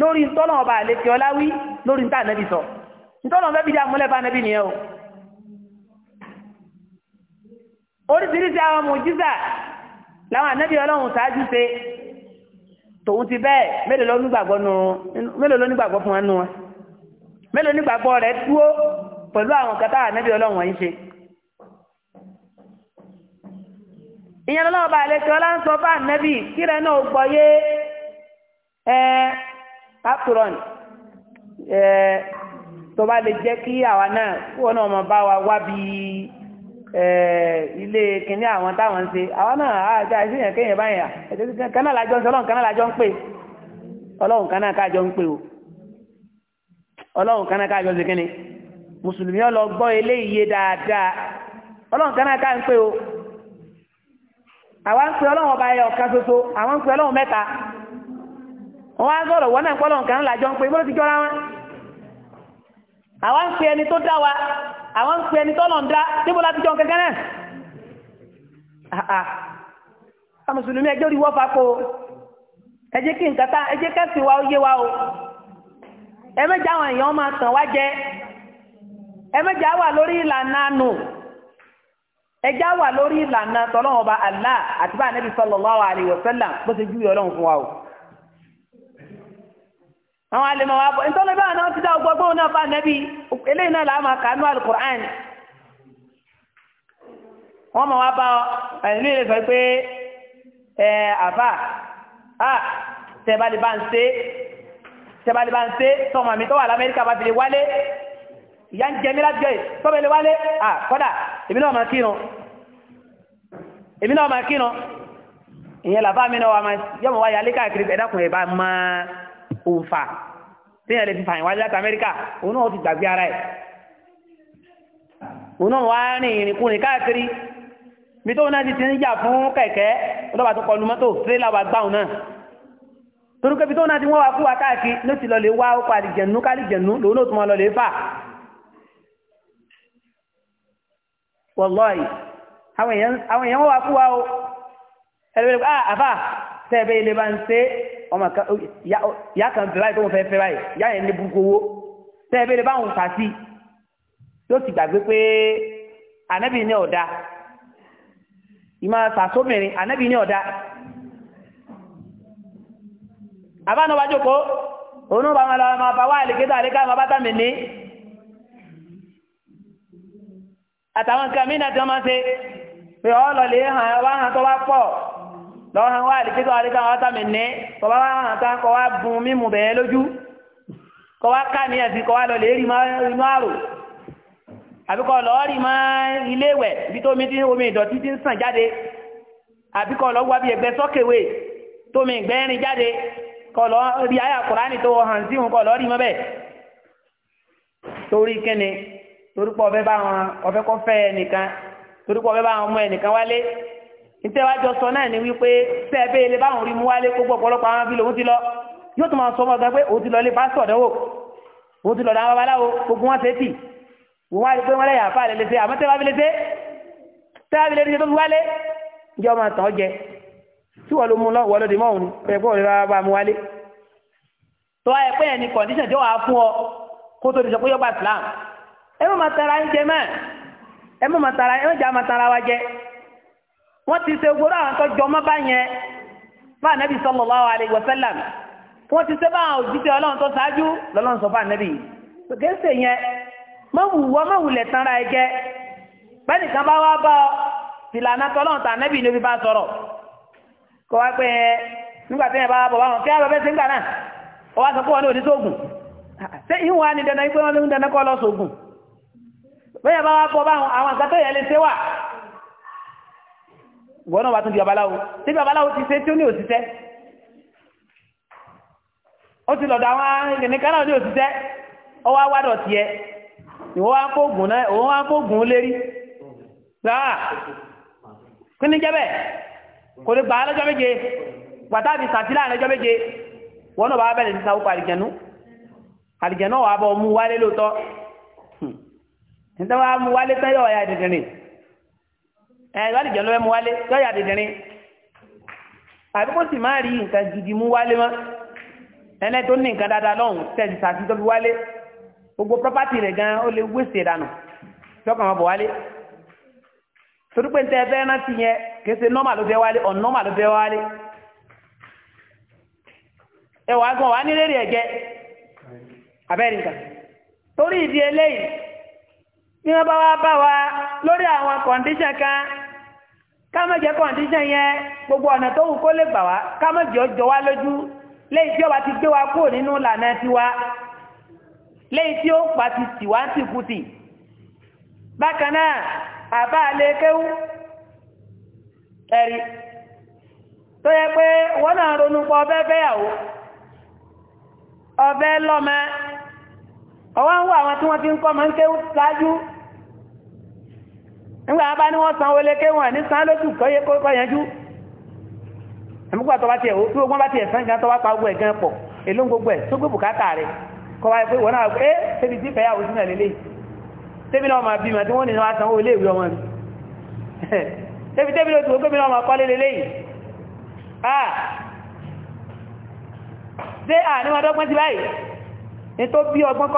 lórí ntọ́nà ọba àlejò ọláwí lórí ntá nẹ́bí sọ ntọ́nà ọba bíi amúlẹ̀ bá nẹ́bí nìyẹn o. oríṣiríṣi àwọn mùjísà làwọn ànẹ́bí ọlọ́run ṣáájú ṣe tòun ti bẹ́ẹ̀ mélòó ló nígbàgbọ́ nù mélòó ló nígbàgbọ́ fún wa nù wọn mélòó nígbàgbọ́ rẹ̀ dúró pẹ̀lú àwọn kẹta ànábì ọlọ́run wọ̀nyí ṣe. ìyẹn lọ́wọ́ bá àlejò ọlá ń sọ fún ànábì kírẹ́ náà gbọ́ yé ẹ apron tó bá lè jẹ́ kí àwa náà kúwọ́n náà mọ̀ bá wa wá bíi. Eh, ilé kìíní àwọn táwọn ń àwọn náà àjá ìṣẹ́yàn kéèyàn báyà kanáà lájọ ń sọ ọlọ́run kanáà lájọ ń pè ọlọ́run kanáà ń pè o ọlọ́run kanáà kájọ ṣe kíni mùsùlùmí ọlọ gbọ́ eléyìí dáadáa ọlọ́run kanáà ká ń o àwọn ń pè ọlọ́run mẹ́ta wọn àwọn ń pè ní ń dá jọ kẹ́kẹ́ náà a ah, ah. mùsùlùmí ẹjọ́ rí wọ́fà kó ẹ jẹ́ kí ẹ jẹ́ kẹ́sì wa ó yé wa o ẹ mẹ́jọ àwọn èèyàn máa tàn wá jẹ ẹ á wà lórí ìlànà nù ẹ wà lórí ìlànà Allah àti bá bó ṣe júwe Ọlọ́run fún wa o. àwọn alẹ́ máa wá bọ̀ nítorí báwọn náà ti dá ọgbọ́n gbóhùn náà bá nẹ́bí eléyìí náà làá máa kà nú alukur'an wọ́n máa wá bá ẹ̀yìn lè sọ pé ẹ̀ àfà à tẹ̀bálẹ̀ bá ń ṣe tẹ̀bálẹ̀ bá ń ṣe tọmọ mi tó wà lamẹ́ríkà bá fi lè wálé ìyá ń jẹ mí láti jẹ́ tọ́bẹ̀ lè wálé à kọ́dà èmi náà máa kírun èmi náà máa kírun ìyẹn làbá mi náà wà máa yọmọ òǹfà téèyàn lè fi fàyàn wájú láti amẹ́ríkà òun náà ti gbàgbé ara ẹ̀ òun náà wá rìn ìrìnkúrìn káàkiri bí tóun náà ti ti ń jà fún kẹ̀kẹ́ ọlọ́ba tó kọlu mọ́tò tírélà wa gbáhùn náà torí pé bí tóun náà ti wọ́n wá fún wa káàkiri ló ti lọ lè wá ó parí jẹ̀nu kárí jẹ̀nu lòun náà tún mọ́ lọ lè fà wọ́lọ́ọ̀yì àwọn èèyàn wọ́n wá fún wa ó ẹ̀rọ ọmọ kan ya kan bẹ báyìí tó ń fẹ́ fẹ́ báyìí ya yẹn ní burúkú owó tẹ́ ẹ bẹ́ẹ̀ báwọn fà sí yóò ti gbàgbé pé ànábì ní ọ̀dà ìmọ̀ sàsómìnrin ànábì ní ọ̀dà àbánáwá jókòó òun bá wọn lọ máa bá wá àlèkétà àlékà máa bá àtàwọn nǹkan mí náà tí wọ́n máa ń ṣe pé ọ lọ lè hàn wá hàn tó lọ́wọ́ hàn wá àdìsí kọ́ àdìsí àwọn ọ̀tá mi ní kọ́ bá wà hàn tán kọ́ wá bùn mímu bẹ́ẹ̀ lójú kọ́ wá ká ní ẹ̀sìn kọ́ wá lọ lè rí mọ́ inú àrò àbíkọ́ lọ́ọ́ rí mọ́ ilé ìwẹ̀ ibi tó mi ti omi ìdọ̀tí ti ń sàn jáde àbíkọ́ lọ́ọ́ wá bí ẹgbẹ́ sọ́kèwé tómi ìgbẹ́rin jáde kọ́ lọ́ọ́ rí àyà kùránì tó hàn sí òun kọ́ lọ́ọ́ rí mọ́ bẹ́ẹ̀ torí kíni torí pọ̀ ọ̀fẹ́ bá wọn ọ̀fẹ́ kọ́ fẹ́ ẹnìkan torí pọ̀ ọ̀fẹ́ bá wọn mú ẹnìkan wálé ìtẹ́wájọ sọ náà ni wípé fẹ́ bẹ́ẹ̀ lè báwọn orí mú wálé gbogbo ọ̀pọ̀lọpọ̀ àwọn abílẹ̀ òun ti lọ yóò tún máa sọ ọmọ gan pé òun ti lọ lé pásítọ̀ dánwò òun ti lọ dáwọn babaláwo gbogbo wọn ṣe tì wọn wá rí pé wọn lẹ́yìn àfa rẹ̀ léṣe àmọ́ tẹ́wá bílẹ̀ ṣe tẹ́wá bílẹ̀ ṣe tó fi wálé ìjọ máa tàn ọ́ jẹ tí wọ́n ló mú lọ wọ́n ló dé mọ́ òun pẹ̀lú pé òun bá bá mú wálé tó wáyé pé ẹni kọ̀ǹdíṣàn tí wọ́n á fún ọ kó ẹ wọ́n ti ṣe gbogbo àwọn tó jọmọ́ bá yẹn fún ànábì sallallahu alaihi wasallam wọ́n ti ṣe òjíṣẹ́ ọlọ́run tó ṣáájú lọ́lọ́run sọ gẹ́sẹ̀ yẹn wọ́n lẹ̀ tán ra ẹ jẹ́ bá wá bọ́ ìlànà tọ́lọ́run tà ànábì níbi bá sọ̀rọ̀ kọ́ wá pé ẹ nígbà tí yẹn bá bọ̀ wọn kí ń wọ́n náà wà tún di babaláwo tí babaláwo ti ṣe tí ó ní òṣìṣẹ́ ó ti lọ̀dọ̀ àwọn ènìyàn náà ní òṣìṣẹ́ ó wá wádọ̀ sí ẹ ìwọ́n wá kóògùn náà òun wá kóògùn lérí gbáà kí ni jẹ́ bẹ́ẹ̀ kò lè gbà á lọ́jọ́ méje pàtàkì sàtìlà lọ́jọ́ méje wọ́n náà bá bẹ̀rẹ̀ sí sáwọ́pọ̀ àlìjẹ̀nú àlìjẹ̀nú wà bọ̀ mú wálé lóòótọ́ hm. ẹ̀ lọ́dì jẹ́ lọ́wọ́ mu wálé lọ́yà dìdìrín àbí kó sì má rí nǹkan gidi mú wálé mọ́ ẹnẹ́ tó ní nǹkan dáadáa lọ́hùn tẹ̀sí sàtì tó fi wálé gbogbo pọ́pátì rẹ̀ gan ó lè wéṣẹ̀ dànù tọ́kàn wọn bọ̀ wálé torí pé ntẹ́ fẹ́ rántí yẹn kése nọ́mà ló fẹ́ wálé ọ̀nọ́mà ló fẹ́ wálé ẹ wàá gan wàá nílé rí ẹ jẹ abẹ́rẹ́ nǹkan torí ìdí eléyìí bí wọ́n bá wá bá wa lórí àwọn kọ̀ǹdíṣàn kan ká má jẹ́ yẹn gbogbo ọ̀nà tó wù kó lè gbà wá ká jọ jẹ́ wá lójú léyìí tí ó ti gbé wa kó nínú lànà tiwa léyìí tí ó pa ti tì wá sí kùtì bákan náà àbá alẹ́ kéwú ẹ̀rí tó yẹ pé wọ́n náà ronú pọ̀ ọbẹ̀ ọbẹ̀ lọ́mọ ọwọ́ ń wọ àwọn tí wọ́n ti ń kọ́ ń kéwú ṣáájú. nígbà bá ní wọ́n sanwó lé kéwọ̀n ní san lóṣù kọ́yé kọ́ yanjú ẹ̀mùgbà tó bá tiẹ̀ ó tí ogun bá tiẹ̀ sán gan tó bá pa ogun ẹ̀gan pọ̀ èló ń gbogbo ẹ̀ tó gbé bùkátà rẹ̀ kọ́ wáyé pé wọ́n náà pé tẹ́bi eh, tí fẹ́ yàwó sínú ẹ̀lẹ́lẹ́ tẹ́bi náà máa bímọ tí wọ́n ní wọ́n sanwó ilé ìwé ọmọ mi tẹ́bi tẹ́bi ló ti wọ́n pé mi náà máa kọ́lé lélẹ́yìn ṣé à ní wọn dọ́gbọ́n ti báyìí ní tó bí ọgbọ́n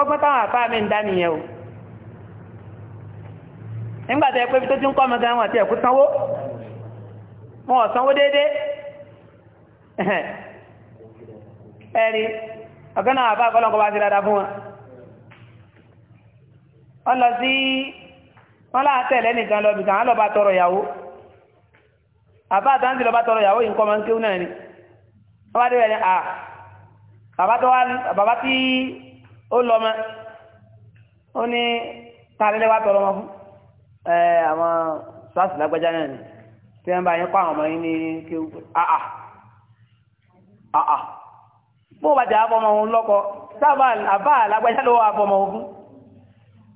nígbà tó yẹ pé tó ti ń kọ́ ọmọ gan wọn àti ẹ̀kú sanwó wọn ò sanwó déédéé <laughs> ẹ̀rí ọ̀gá náà àbá àkọlọ́kọ̀ bá ti dáadáa fún wọn. wọ́n lọ sí wọ́n láà tẹ̀lé nìkan lọ bìkan á lọ bá tọrọ ìyàwó àbá àtàǹtì lọ bá tọrọ ìyàwó yìí ń kọ́ ọmọ nkéwù náà ni wọ́n bá débẹ̀ ni à bàbá tí ó lọ mọ́ ó ní tàlẹ́lẹ́ wá tọrọ wọn fún ẹ àwọn sars lágbájá náà ni tí wọn bá yín kọ àwọn ọmọ yín ní kéwù àà àà bó bàjẹ́ àbọ̀mọ̀ òun lọ́kọ sábà àbá lágbájá ló wà bọ̀mọ̀ òun fún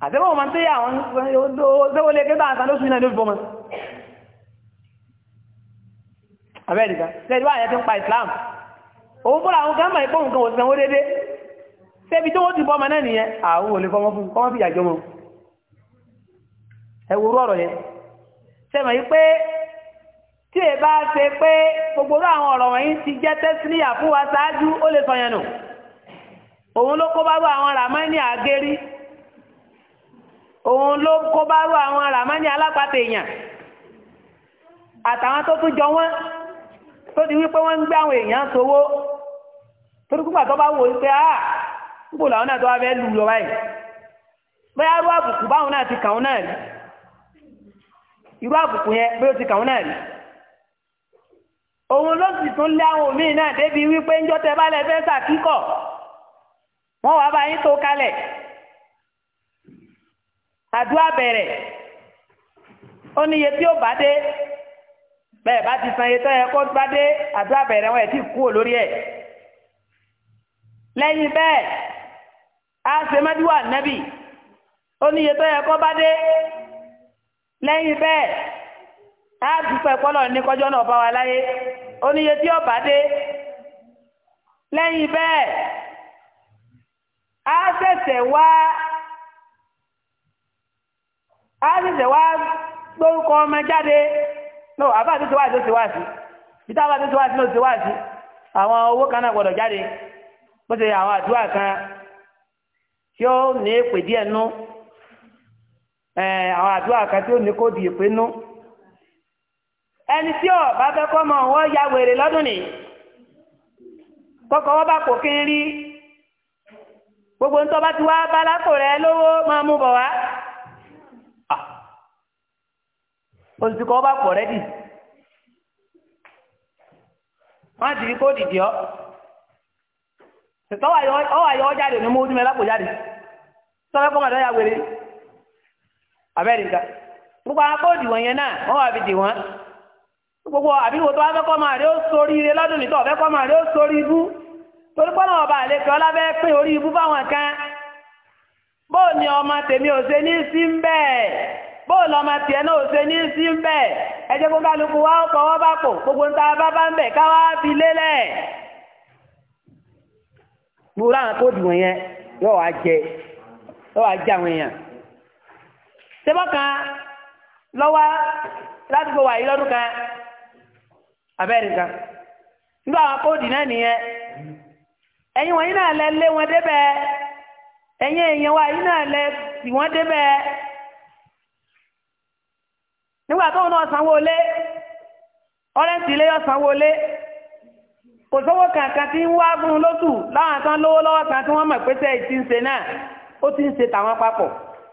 àtẹ́wọ̀n ọmọ tí àwọn olówó lè ké bá àtàn lóṣù náà ló fi bọ́mọ. abẹ́ẹ̀dìgá sẹ́ẹ̀dì wáyé ti ń pa Islam òun fúnra àwọn gánmà ìpóhùn kan ò sanwó déédéé sẹ́bi tó wọ́n ti bọ́mọ náà nìyẹn àwọn ò ẹ wo ọ̀rọ̀ yẹn sẹ́mọ̀ yìí pé tí ẹ bá ṣe pé gbogbo àwọn ọ̀rọ̀ wọ̀nyí ti jẹ́ tẹ́sílíyà fún wa ṣáájú ó lè sọyẹn nù òun ló kó bá bá àwọn ràmánì àgérí òun ló kó bá bá àwọn ràmánì alápàtà èèyàn àtàwọn tó tún jọ wọn tó di wípé wọn ń gbé àwọn èèyàn sówó torí púpà tó bá wò ó pé ah níbo làwọn náà tó wá fẹ́ lù lọ báyìí bóyá rú àbùkù báwọn náà ti kàwọn náà rí irú àbùkù yẹn bí ó ti kàwọn náà rí òun ló sì tún lé àwọn míì náà débi wípé ńjọ́ tẹ́ bá lẹ fẹ́ sàkíkọ̀ wọ́n wàá bá yín tó kalẹ̀ àdúrà bẹ̀rẹ̀ ó ní iye tí ó bá dé bẹ́ẹ̀ bá ti san iye tó yẹ kó bá dé àdúrà bẹ̀rẹ̀ wọn ẹ̀ tí kú ò lórí ẹ̀ lẹ́yìn bẹ́ẹ̀ á ó ní iye tó yẹ kó bá dé lẹ́yìn bẹ́ẹ̀ á dúpẹ́ pọ́lọ̀ ní kọjọ́ náà bá wa láyé oníye tí ó bá dé lẹ́yìn bẹ́ẹ̀ á ṣẹ̀ṣẹ̀ wá á ṣẹ̀ṣẹ̀ wá gbórúkọ ọmọ jáde no àbá àti tiwáàsí ó ti wáàsí bíta àbá àti tiwáàsí ó ti wáàsí àwọn owó kan náà gbọdọ̀ jáde bó ṣe àwọn àdúrà kan tí ó ní èpè díẹ̀ nú. Eh, àwọn àdúrà kan tí ó ní kó di ìpinnu ẹni tí ò bá fẹ́ kọ́ mọ̀ wọ́n ya wèrè lọ́dún ní kọ́kọ́ wọ́n bá kò kí ń rí gbogbo ń tọ́ bá ti wá bálákò rẹ lówó máa mú bọ̀ wá ah. olùsìkọ́ wọ́n bá pọ̀ rẹ́dì wọ́n ti rí kó dìdì ọ́ ṣètọ́ ọwọ́ àyọ́ jáde ní mú ojú mẹ́lá jáde sọ́dọ́ kọ́ mọ̀ lọ́yà wèrè abẹ́rẹ́ nǹkan gbogbo akó dìwọ̀n yẹn náà wọ́n wà fi dìwọ̀n gbogbo àbíwò tó afẹ́kọ́ máa rí ó sórí ire lọ́dún nìtọ́ ọ̀fẹ́kọ́ máa rí ó sórí ibú torí pọ́nà ọba àlejò ọlábẹ́ pé orí ibú fáwọn kan bóò ni ọmọ tèmi ò ṣe ní sí ń bẹ́ẹ̀ bóò lọmọ tiẹ̀ náà ò ṣe ní sí ń bẹ́ẹ̀ ẹ jẹ́ kó kálukú wá ó fọwọ́ bá pò gbogbo nta bá bá ń bẹ̀ káwá fi lélẹ̀ gbogbo àwọn kóòdù wọ̀nyẹn yóò wá jẹ yóò wá jẹ àwọn èèyàn sẹ́bọ̀ kan lọ́wọ́ ládùúgbò wà yìí lọ́dún kan na kan nígbà wọn náà nìyẹn ẹ̀yin wọ̀nyí náà lẹ lé wọn débẹ̀ ẹ̀yin èèyàn wa yìí náà lẹ kankan tí ń wá lóṣù láwọn lówó kan tí wọ́n mọ̀ pé ti ń ṣe náà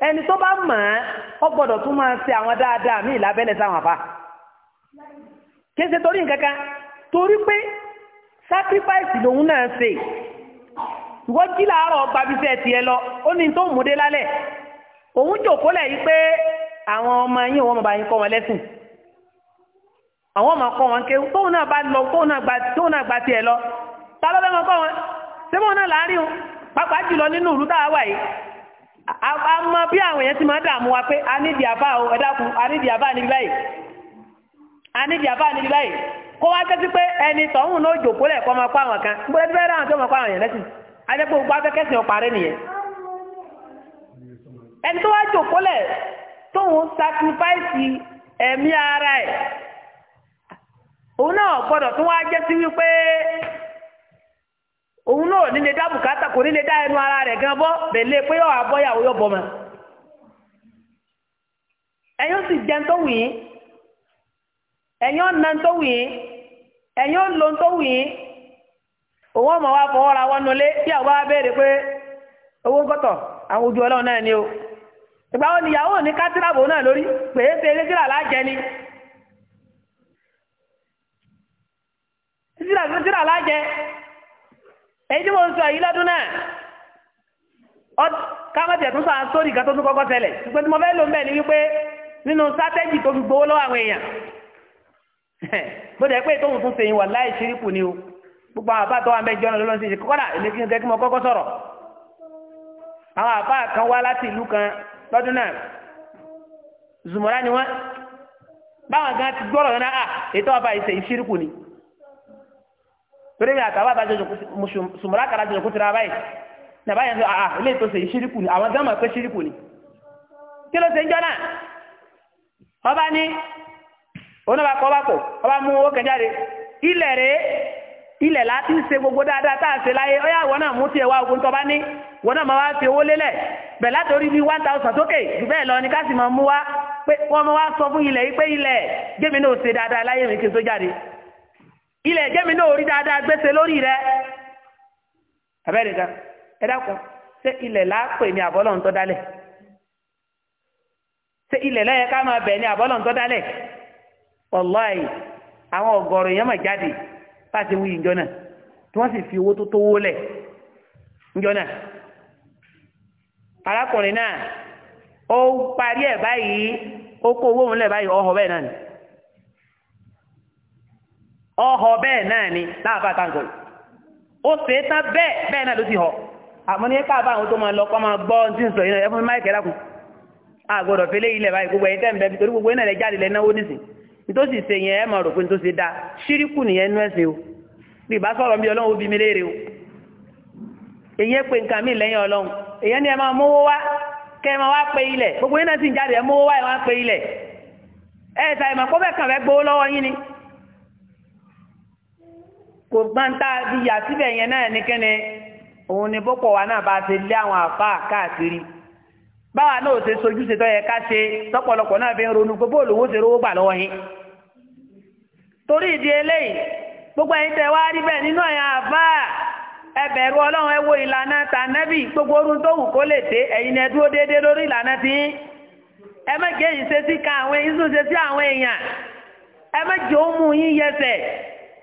ẹni tó bá mọ̀ ọ gbọ́dọ̀ tún máa ṣe àwọn dáadáa míì lábẹ́lẹ̀ sáwọn àbá kí ṣe torí nǹkan torí pé sacrifice lòun náà ṣe ìwọ jí làárọ̀ tiẹ̀ lọ ó ní tó múdé lálẹ́ òun jòkó lẹ̀ yìí pé àwọn ọmọ yín òun yín kọ́ wọn lẹ́sìn àwọn ọmọ kọ́ wọn tóun náà bá lọ tóun náà gba lọ ta ló fẹ́ kọ́ wọn ṣé náà láàárín jùlọ nínú ìlú tá a wà a mọ bí àwọn èèyàn ti máa dààmú wa pé a nídìí àbá o ẹ̀dàkùn a nídìí àbá níbi báyìí a nídìí àbá níbi báyìí kó wá tẹ́tí pé ẹni tọ̀hún ló jòkó lẹ̀ kọ́ máa kó àwọn kan gbọ́dọ̀ tí bẹ́ẹ̀ òun náà nílé dá bùkátà ara rẹ̀ gan bọ́ bẹ̀lẹ́ pé yọ̀ ya yọ̀ bọ́mọ. ẹ̀yin ó sì jẹun tó wù ẹ̀yin ó na tó wù ẹ̀yin lo tó wù òun ọmọ wa fọwọ́ ra wọn nulẹ̀ tí àwọn owó àwọn ojú ọlọ́run náà ni o ni ní náà lórí lájẹ ni eji tí mo sọ yìí lọ́dún náà káwọn tiẹ̀ tún sọ àwọn sórí tó tún kọ́kọ́ tẹ̀lẹ̀ ṣùgbọ́n tí mo fẹ́ lò ń bẹ̀ ni wípé nínú sátẹ́jì tó fi gbowó lọ́wọ́ àwọn èèyàn <laughs> ni o gbogbo àwọn ń bẹ jọ́nà n mo kọ́kọ́ sọ̀rọ̀ àwọn kan wá láti ìlú kan lọ́dún torí mi àtàwọn àtàjọ sùmùrà kàrà jọ kó tira báyìí nàbà yẹn sọ àà ilé ìtòsè yìí ṣíríkù ni àwọn gánmà pé ṣíríkù ni kí ló ṣe ń jọ náà ọba ní oníbà kọ ọba kò ọba mú owó kẹjáde ilẹ̀ rẹ̀ ilẹ̀ láti ń ṣe gbogbo dáadáa tá a ṣe láyé ọyá wọn náà mú tiẹ̀ wá ogun tọ́ba ní wọn náà máa wá fi owó lélẹ̀ bẹ̀ látòrí bíi one thousand sókè jù bẹ́ẹ̀ lọ ni káàsì máa mú wá pé wọ́n máa wá sọ fún ilẹ̀ yìí pé ilẹ̀ gbémi náà ṣe dáadáa láyé mi kí n tó jáde ilẹ̀ ìjẹ́mi náà orí dáadáa gbèsè lórí rẹ abẹ́rẹ́ ẹ dákun ṣé ilẹ̀ láàpẹ̀ ni àbọ́lọ̀ ń ṣé ilẹ̀ lẹ́yẹ ká máa bẹ̀ ni àbọ́lọ̀ ń tọ́ dálẹ̀ àwọn ọ̀gọ̀rọ̀ èèyàn mọ̀ jáde láti ti ìjọ náà tí wọ́n sì fi owó tó lẹ̀ ìjọ ọ̀họ̀ bẹ́ẹ̀ náà ni láàbá táǹkọ̀ ó ṣe é tán bẹ́ẹ̀ bẹ́ẹ̀ náà ló ti họ àmọ́ ní káàbá àwọn tó máa lọ kọ́ máa gbọ́ ohun tí ń sọ yìí náà ẹ fún mi máa kẹ́lá kù àgọ́dọ̀ báyìí gbogbo ẹ̀yìn tẹ́ torí gbogbo ẹ̀yìn náà lẹ jáde lẹ náwó nísìn nítòsí ṣe yẹn ẹ máa rò pé nítòsí da ṣíríkù nìyẹn nú ẹ̀sìn o bí ìbá sọ̀rọ̀ bí ọlọ́run ó léèrè o èyí pé nǹkan mi lẹ́yìn ọlọ́run èyí ni ẹ máa mówó wá kẹ́ ẹ máa wá pé ilẹ̀ gbogbo ẹ̀yìn náà sì ń jáde ẹ mówó wá ẹ máa pé ilẹ̀ ẹ̀ ṣàìmọ̀ kó bẹ́ẹ̀ kàn fẹ́ gbowó lọ́wọ́ yín ni kò gbáǹtà bí yà síbẹ̀ yẹn náà ní òun ni bókọ̀ wa náà bá ti lé àwọn àfa káàkiri báwa náà ò sojú ṣe tọ́ ká ṣe tọ́pọ̀lọpọ̀ náà fi ń ronú gbogbo olówó ṣe rówó gbà lọ́wọ́ yín torí ìdí eléyìí gbogbo ẹ̀yin wá rí bẹ́ẹ̀ nínú ọlọ́run ẹ wo ìlànà tànẹ́bì gbogbo orun tó wù kó lè dé ẹ̀yin ẹ dúró déédéé lórí ka àwọn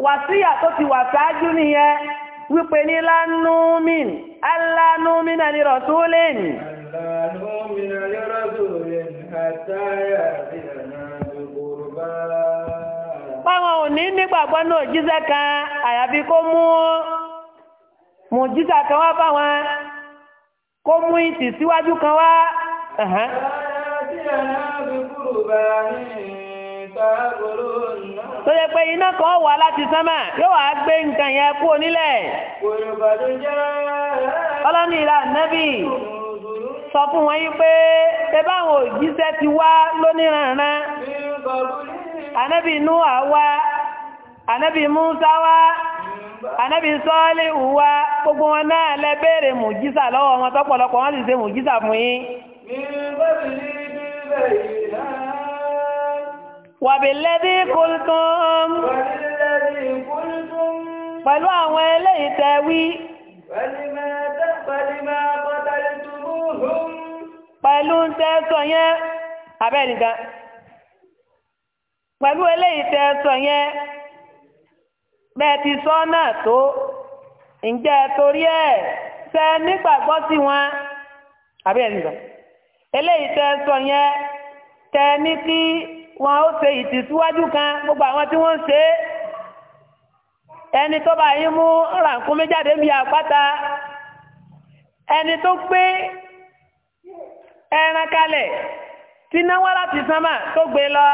wàsíyà tó ti wà sáájú nìyẹn wípé ní lánúmìn alánúmìn àni rọ̀túlìn. lè nì báwọn ò ní nígbàgbọ́ náà jíṣẹ́ kan àyàfi kó mú kan wá báwọn kó mú kan wá. tó yẹ pé iná kan wà láti sánmà yóò wá gbé nǹkan yẹn kú onílẹ̀. ọlọ́ni ìlà nẹ́bì sọ fún wọn yí pé ṣe báwọn òjíṣẹ́ ti wá lóníranran ànábì Núà wá ànábì Músá wá ànábì sọ́ọ́lì wá gbogbo wọn náà lẹ béèrè mùjísà lọ́wọ́ wọn tọ́pọ̀lọpọ̀ wọn sì ṣe mùjísà fún yín wàbílẹ́dí kúlùtùm pẹ̀lú àwọn eléyìí tẹ́ wí pẹ̀lú tẹ́ sọ yẹn abẹ́nìkan pẹ̀lú eléyìí tẹ́ sọ yẹn bẹ́ẹ̀ ti sọ náà tó ǹjẹ́ torí ẹ̀ tẹ́ nígbàgbọ́ sí wọn abẹ́nìkan eléyìí tẹ́ sọ yẹn tẹ́ ní tí wọn ó ṣe ìtìsíwájú kan gbogbo àwọn tí wọ́n ń ṣe ẹni tó bá yín mú ràkúnmí jáde bí àpáta ẹni tó gbé ẹran kalẹ̀ tí náwó láti sánmà tó gbé lọ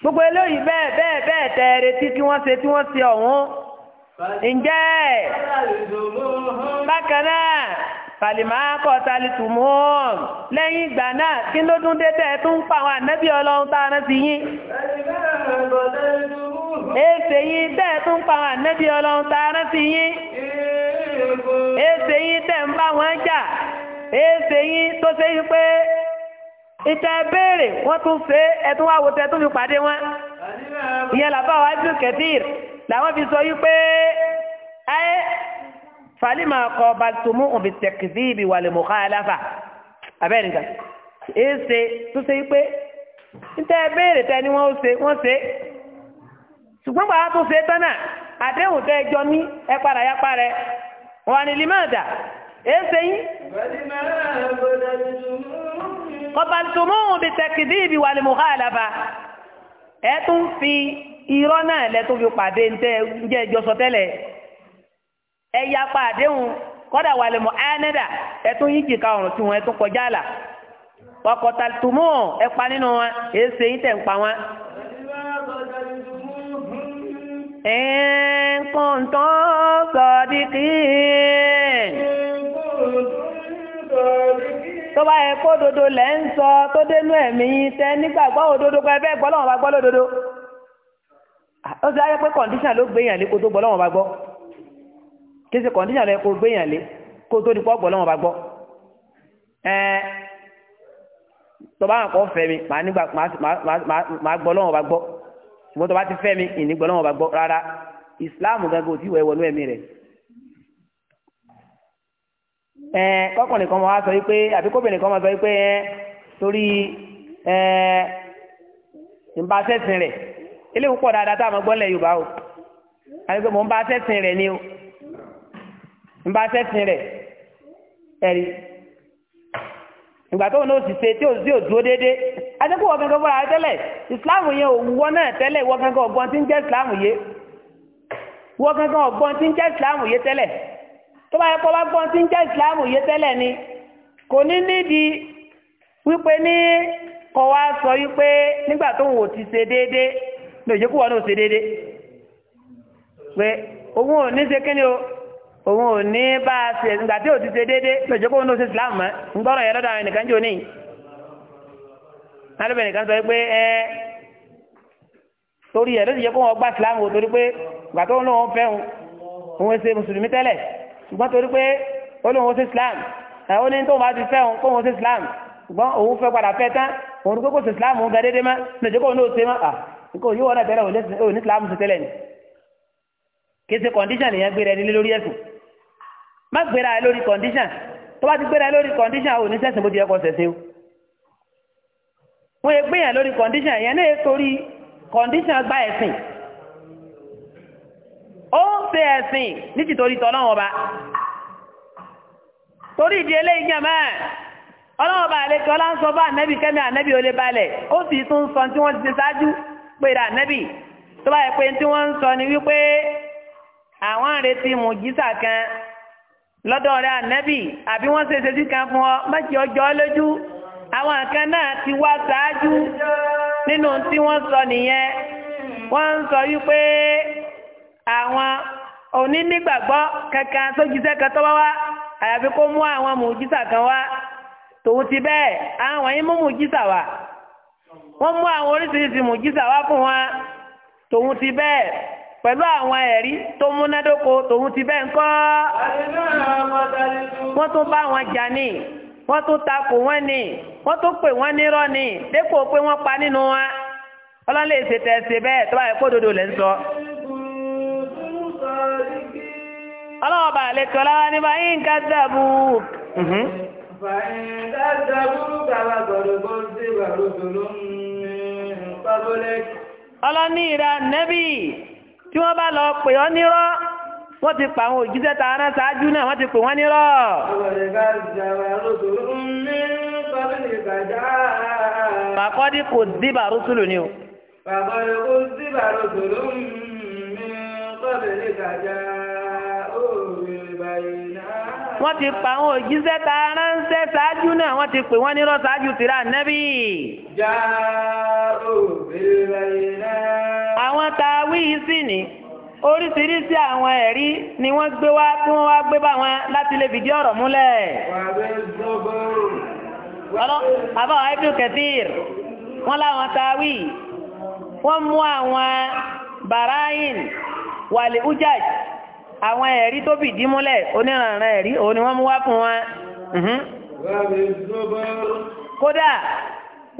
gbogbo eléyìí bẹ́ẹ̀ bẹ́ẹ̀ bẹ́ẹ̀ tẹ̀ẹ̀rẹ̀ tí wọ́n ṣe tí wọ́n ṣe ọ̀hún ǹjẹ́ bákan náà fàlìmá kọ́tàlì tùmùún lẹ́yìn ìgbà náà kí ló dún dédé tún pa àwọn ànábì ọlọ́run tààrà sí yín èsè yín dẹ́ tún pa àwọn ànábì ọlọ́run tààrà sí yín èsè yín dẹ́ ń bá wọn jà èsè yín tó ṣe yí pé ìtẹ́ béèrè wọ́n tún ṣe ẹ̀tún wá wò tún fi pàdé wọn ìyẹn làbá kẹtìr làwọn fi sọ yí pé ẹ́ falima kọbaltumu òbí tẹkisibi wàlẹ̀ mọ̀ká aláfà abẹ́rẹ́ nǹkan èé ṣe tó ṣe pé níta ẹ béèrè tẹ ni wọ́n ṣe wọ́n ṣe ṣùgbọ́n bàbá tó ṣe tán náà àdéhùn tẹ jọ ní ẹ padà yá parẹ́ wọn wà ní limada èé ṣe yín. kọbaltumu òbí tẹkisibi wàlẹ̀ mọ̀ká aláfà ẹ tún fi irọ́ náà lẹ́tọ́ fi pàdé ntẹ́ ǹjẹ́ ìjọsọ tẹ́lẹ̀ ẹ yapa àdéhùn kọ́dà wà lẹ́mọ̀ ánẹ́dà ẹ tún yíjì ká ọ̀rùn tiwọn ẹ tún kọjá àlà ọkọ̀tà tùmọ̀ ẹ nínú wọn èé yín tẹ̀ ń pa wọn. إن كنتم صادقين tó bá yẹ kó dodo lẹ́ ń sọ tó dénú ẹ̀mí yín tẹ́ nígbàgbọ́ òdodo pé bẹ́ẹ̀ gbọ́ lọ́wọ́n bá gbọ́ lódodo ó sì á pé kọ̀ǹdíṣàn ló gbé yàn lé kó tó gbọ́ lọ́wọ́n bá gbọ́ kése kọ̀ǹdíṣàn lọ yẹ kó gbéyàn lé kó tó di pọ́gbọ́ lọ́wọ́ bá gbọ́ ẹ́ẹ́ tọ́ba àwọn kan fẹ́ mi màá nígbà màá gbọ́ lọ́wọ́ bá gbọ́ ṣùgbọ́n tọ́ba ti fẹ́ mi ìní gbọ́ lọ́wọ́ bá gbọ́ rárá ìsìláàmù gangan ò tí wọ́n wọnú ẹ̀mí rẹ̀ ẹ́ẹ́ kọ́kùnrin kan máa sọ wípé àbí kóbìnrin kan máa sọ wípé ẹ́ torí ẹ́ẹ́ ìbáṣẹ́sìn rẹ̀ eléyìí pọ̀ dáadáa táwọn ni o nba sẹ́sìn rẹ̀ ẹ̀rí ìgbà tó ní òsì ṣe tí ò sí òdúró déédéé adékò wọ kankan fúnra tẹ́lẹ̀ ìsìláàmù yẹn òun wọ náà tẹ́lẹ̀ wọ kankan ọ̀gbọ́n tí ń jẹ́ ìsìláàmù yé wọ kankan ọ̀gbọ́n tí ń jẹ́ ìsìláàmù yé tẹ́lẹ̀ tó bá yẹ kó bá gbọ́n tí ń jẹ́ ìsìláàmù yé tẹ́lẹ̀ ni kò ní nídìí wípé ní kọ wá sọ wípé nígbà tó ń wò ti ṣe déédéé ní òjò kúwọ́ náà ṣe déédéé pé òun ò ní ṣe kíni o òun ò ní bá a ṣe ìgbà tí ò ti ṣe déédéé lọ́jọ́ kó ń lọ sí islam mọ́ ń gbọ́rọ̀ yẹn lọ́dọ̀ àwọn ènìkan jò ní. alóbìnrin nìkan sọ pé ẹ torí ẹ ló yẹ kó wọn gba islam o torí pé ìgbà tó ń lọ wọn fẹ́ wọn òun ṣe mùsùlùmí tẹ́lẹ̀ ṣùgbọ́n torí pé ó lóun ṣe islam ó ní bá ti fẹ́ wọn kó wọn ṣe islam ṣùgbọ́n òun fẹ́ padà fẹ́ tán òun kó kó ga lọ́jọ́ kó má gbéra ẹ lórí condition tó bá ti gbéra ẹ lórí condition ò ní sẹ́sìn bó ti yẹ kó sẹ̀sìn o wọ́n yẹ gbéyàn lórí condition yẹn náà torí condition gba ẹ̀sìn ó ń ṣe ẹ̀sìn ní tìtorí tọ́lọ́wọ́n ọba torí ìdí eléyìí jàmá ọlọ́wọ́n ọba àlejò ọlá ń sọ fún ànẹ́bì kẹ́mi ànẹ́bì ó lè balẹ̀ ó sì tún sọ tí wọ́n ti ṣe ṣáájú pé ra ànẹ́bì tó bá yẹ pé tí wọ́n ń sọ ni wípé àwọn àrètí mùjísà kan lọ́dọ̀ rẹ̀ ànẹ́bì àbí wọ́n ṣe ṣe síkan fún ọ mẹ́jì ọjọ́ lójú àwọn nǹkan náà ti wá ṣáájú nínú tí wọ́n sọ nìyẹn wọ́n ń sọ wípé àwọn onínígbàgbọ́ kankan tó jíṣẹ́ kan tó bá wá àyàfi kó mú àwọn mùjísà kan wá tòun ti bẹ́ẹ̀ àwọn wọ̀nyí mú mùjísà wá wọ́n mú àwọn oríṣiríṣi mùjísà wá fún wọn tòun ti bẹ́ẹ̀ pẹ̀lú àwọn ẹ̀rí tó múnádóko tòun ti bẹ́ẹ̀ ń kọ́. wọ́n tún bá wọn jà ní wọ́n tún takò wọ́n ní wọ́n tún pè wọ́n nírọ́ ní dépò pé wọ́n pa nínú wọn. ọlọ́lẹ̀ èsè tẹ̀sí bẹ́ẹ̀ tó bá yẹ kó dodo lẹ́ ń sọ. ọlọ́wọ́ bá lè tọ́lá wa ní bá yín ká dàbù. fàyín ká ìra nẹ́bì. tí wọ́n bá lọ pè ọ́ nírọ́ wọ́n ti pa àwọn òjíṣẹ́ ta ara ṣáájú náà wọ́n ti pè wọ́n nírọ́. Fàkọ́dí kò díbà rúṣùlù ni o. Fàkọ́dí kò díbà rúṣùlù mi kọ́bìnrin kàjá ó rí báyìí náà. wọ́n ti pa àwọn òjíṣẹ́ ta ránṣẹ́ ṣáájú náà wọ́n ti pè wọ́n nírọ́ ṣáájú tìrà nẹ́bí. já òbílẹ̀ iná. àwọn tá a wí yìí oríṣiríṣi àwọn ẹ̀rí ni wọ́n gbé wá tí wọ́n wá gbé bá wọn láti lè fìdí ọ̀rọ̀ múlẹ̀. ọ̀rọ̀ àbáwọ̀ ibnu Kathir wọ́n láwọn tá a wí wọ́n mú àwọn bàráyìn wàlẹ̀ ujaj àwọn ẹ̀rí tó bìdí múlẹ̀ oníranran ẹ̀rí òun ni wọ́n mú wá fún wọn. Mhm. kódà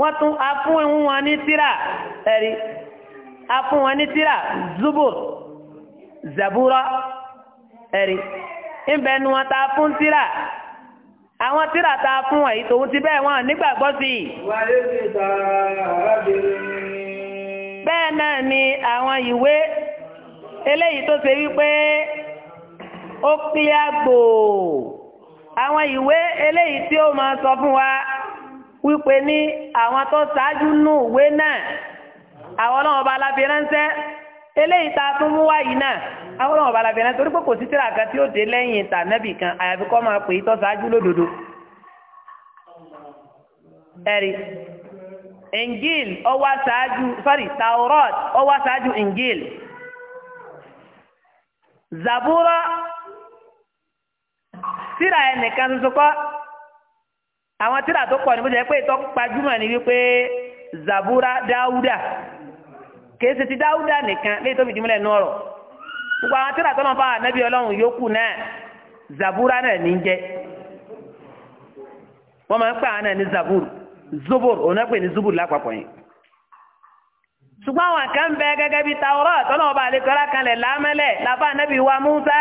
wọ́n tún a fún wọn ní tírà ẹ̀rí a fún wọn ní tírà zubur zabura ẹ̀rí ńbẹ nu wọn tá a fún tírà àwọn tírà tá a fún ẹ̀yí tòun ti bẹ́ẹ̀ wọn nígbàgbọ́ sí i. wáyé ti ta arábìnrin. bẹ́ẹ̀ náà ni àwọn ìwé eléyìí tó ṣe wípé. ó kílíà gbòò àwọn ìwé eléyìí tí ó máa sọ fún wa wípé ní àwọn tó ṣáájú nù ìwé náà àwọn ọlọ́run ọba alábi ránṣẹ́ eléyìí tá a tún mú wá náà àwọn ọlọ́run ọba alábi ránṣẹ́ torí kò sí tíra kan tí ó dé sorry ó wá ṣáájú tíra ẹnìkan tuntun kọ́ àwọn tíra tó pọ̀ ní bó pé ìtọ́ gbajúmọ̀ ni wípé zabura dawuda kìí ti dáúdà nìkan léyìí tó fi jùmọ̀lẹ̀ nù ọ̀rọ̀ gbogbo àwọn tíra tó náà ọlọ́run zabura náà ní jẹ́ wọ́n máa ń pè àwọn náà ní zabur zubur òun náà pè ní zubur lápapọ̀ ṣùgbọ́n kan bẹ gẹ́gẹ́ bá àlekọ́lá Musa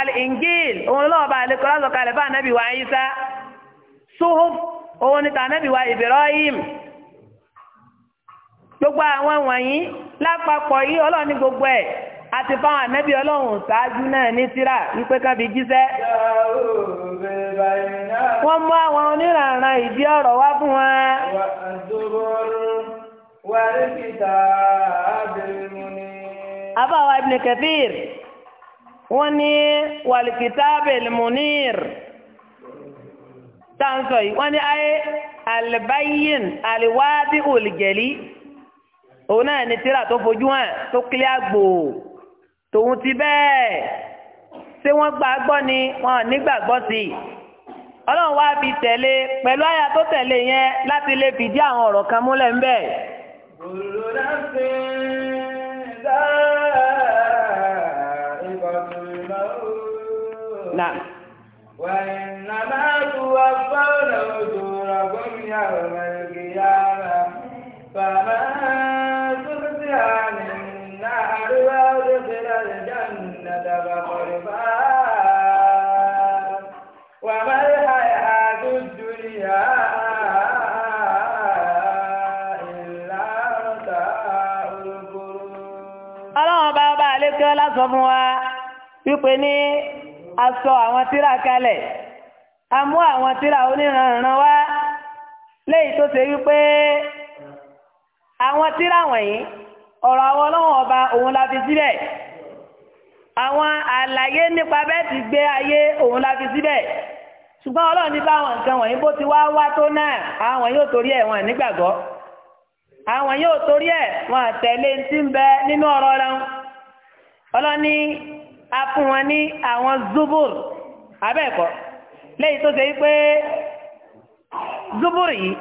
al-injil òun lọ́wọ́ bá alẹ́ kọ́lá sọ̀kalẹ̀ bá anabi wa Isa suhuf òun ni tànàbí wa Ibrahim gbogbo àwọn wọ̀nyí lápapọ̀ yìí ọlọ́run ní gbogbo ẹ̀ àti fáwọn ànábì ọlọ́run ṣáájú náà ní tírà wípé ká fi jíṣẹ́. wọ́n mú àwọn oníranran ìdí ọ̀rọ̀ wá fún wa. àbáwá Ibn Kathir. wọ́n ní wàlìkìtàbẹ̀lì munir táǹsọ̀ yìí wọ́n ní ayé alibayin aliwadi olùjẹ̀lì òun náà ní tíra tó fojú hàn tó kílẹ̀ àgbò tòun ti bẹ́ẹ̀ ṣé wọ́n gbà gbọ́ ni wọn nígbàgbọ́ sí i ọlọ́run wá fi tẹ̀lé pẹ̀lú àyà tó tẹ̀lé yẹn láti lè fìdí àwọn ọ̀rọ̀ kan múlẹ̀ ń bẹ̀. dáa. náà. وإنما توفون أجوركم يوم القيامة فمن زحزح عن النار وأدخل الجنة فقد فاز وما الحياة الدنيا إلا متاع الغرور. ọlọ́run bá bá àlékè ọlá sọ fún wa wípé ní a sọ àwọn tíra kalẹ̀ a mú àwọn tíra oníranran wá léyìí tó ṣe wípé àwọn tíra wọ̀nyí ọ̀rọ̀ àwọn ọlọ́wọ̀n ọba òun la fi síbẹ̀ àwọn àlàyé nípa bẹ́ẹ̀ ti gbé ayé òun la fi síbẹ̀ ṣùgbọ́n ọlọ́run ní báwọn nǹkan wọ̀nyí bó ti wá wá tó náà àwọn yóò torí ẹ̀ wọn nígbàgbọ́ àwọn yóò torí ẹ̀ wọn àtẹ̀lé ti ń bẹ nínú ọ̀rọ̀ rẹ̀ ọlọ́ni a fún wọn ní àwọn zubur abẹ́ẹ̀kọ́ lẹ́yìn tó ṣe yí pé zubur yìí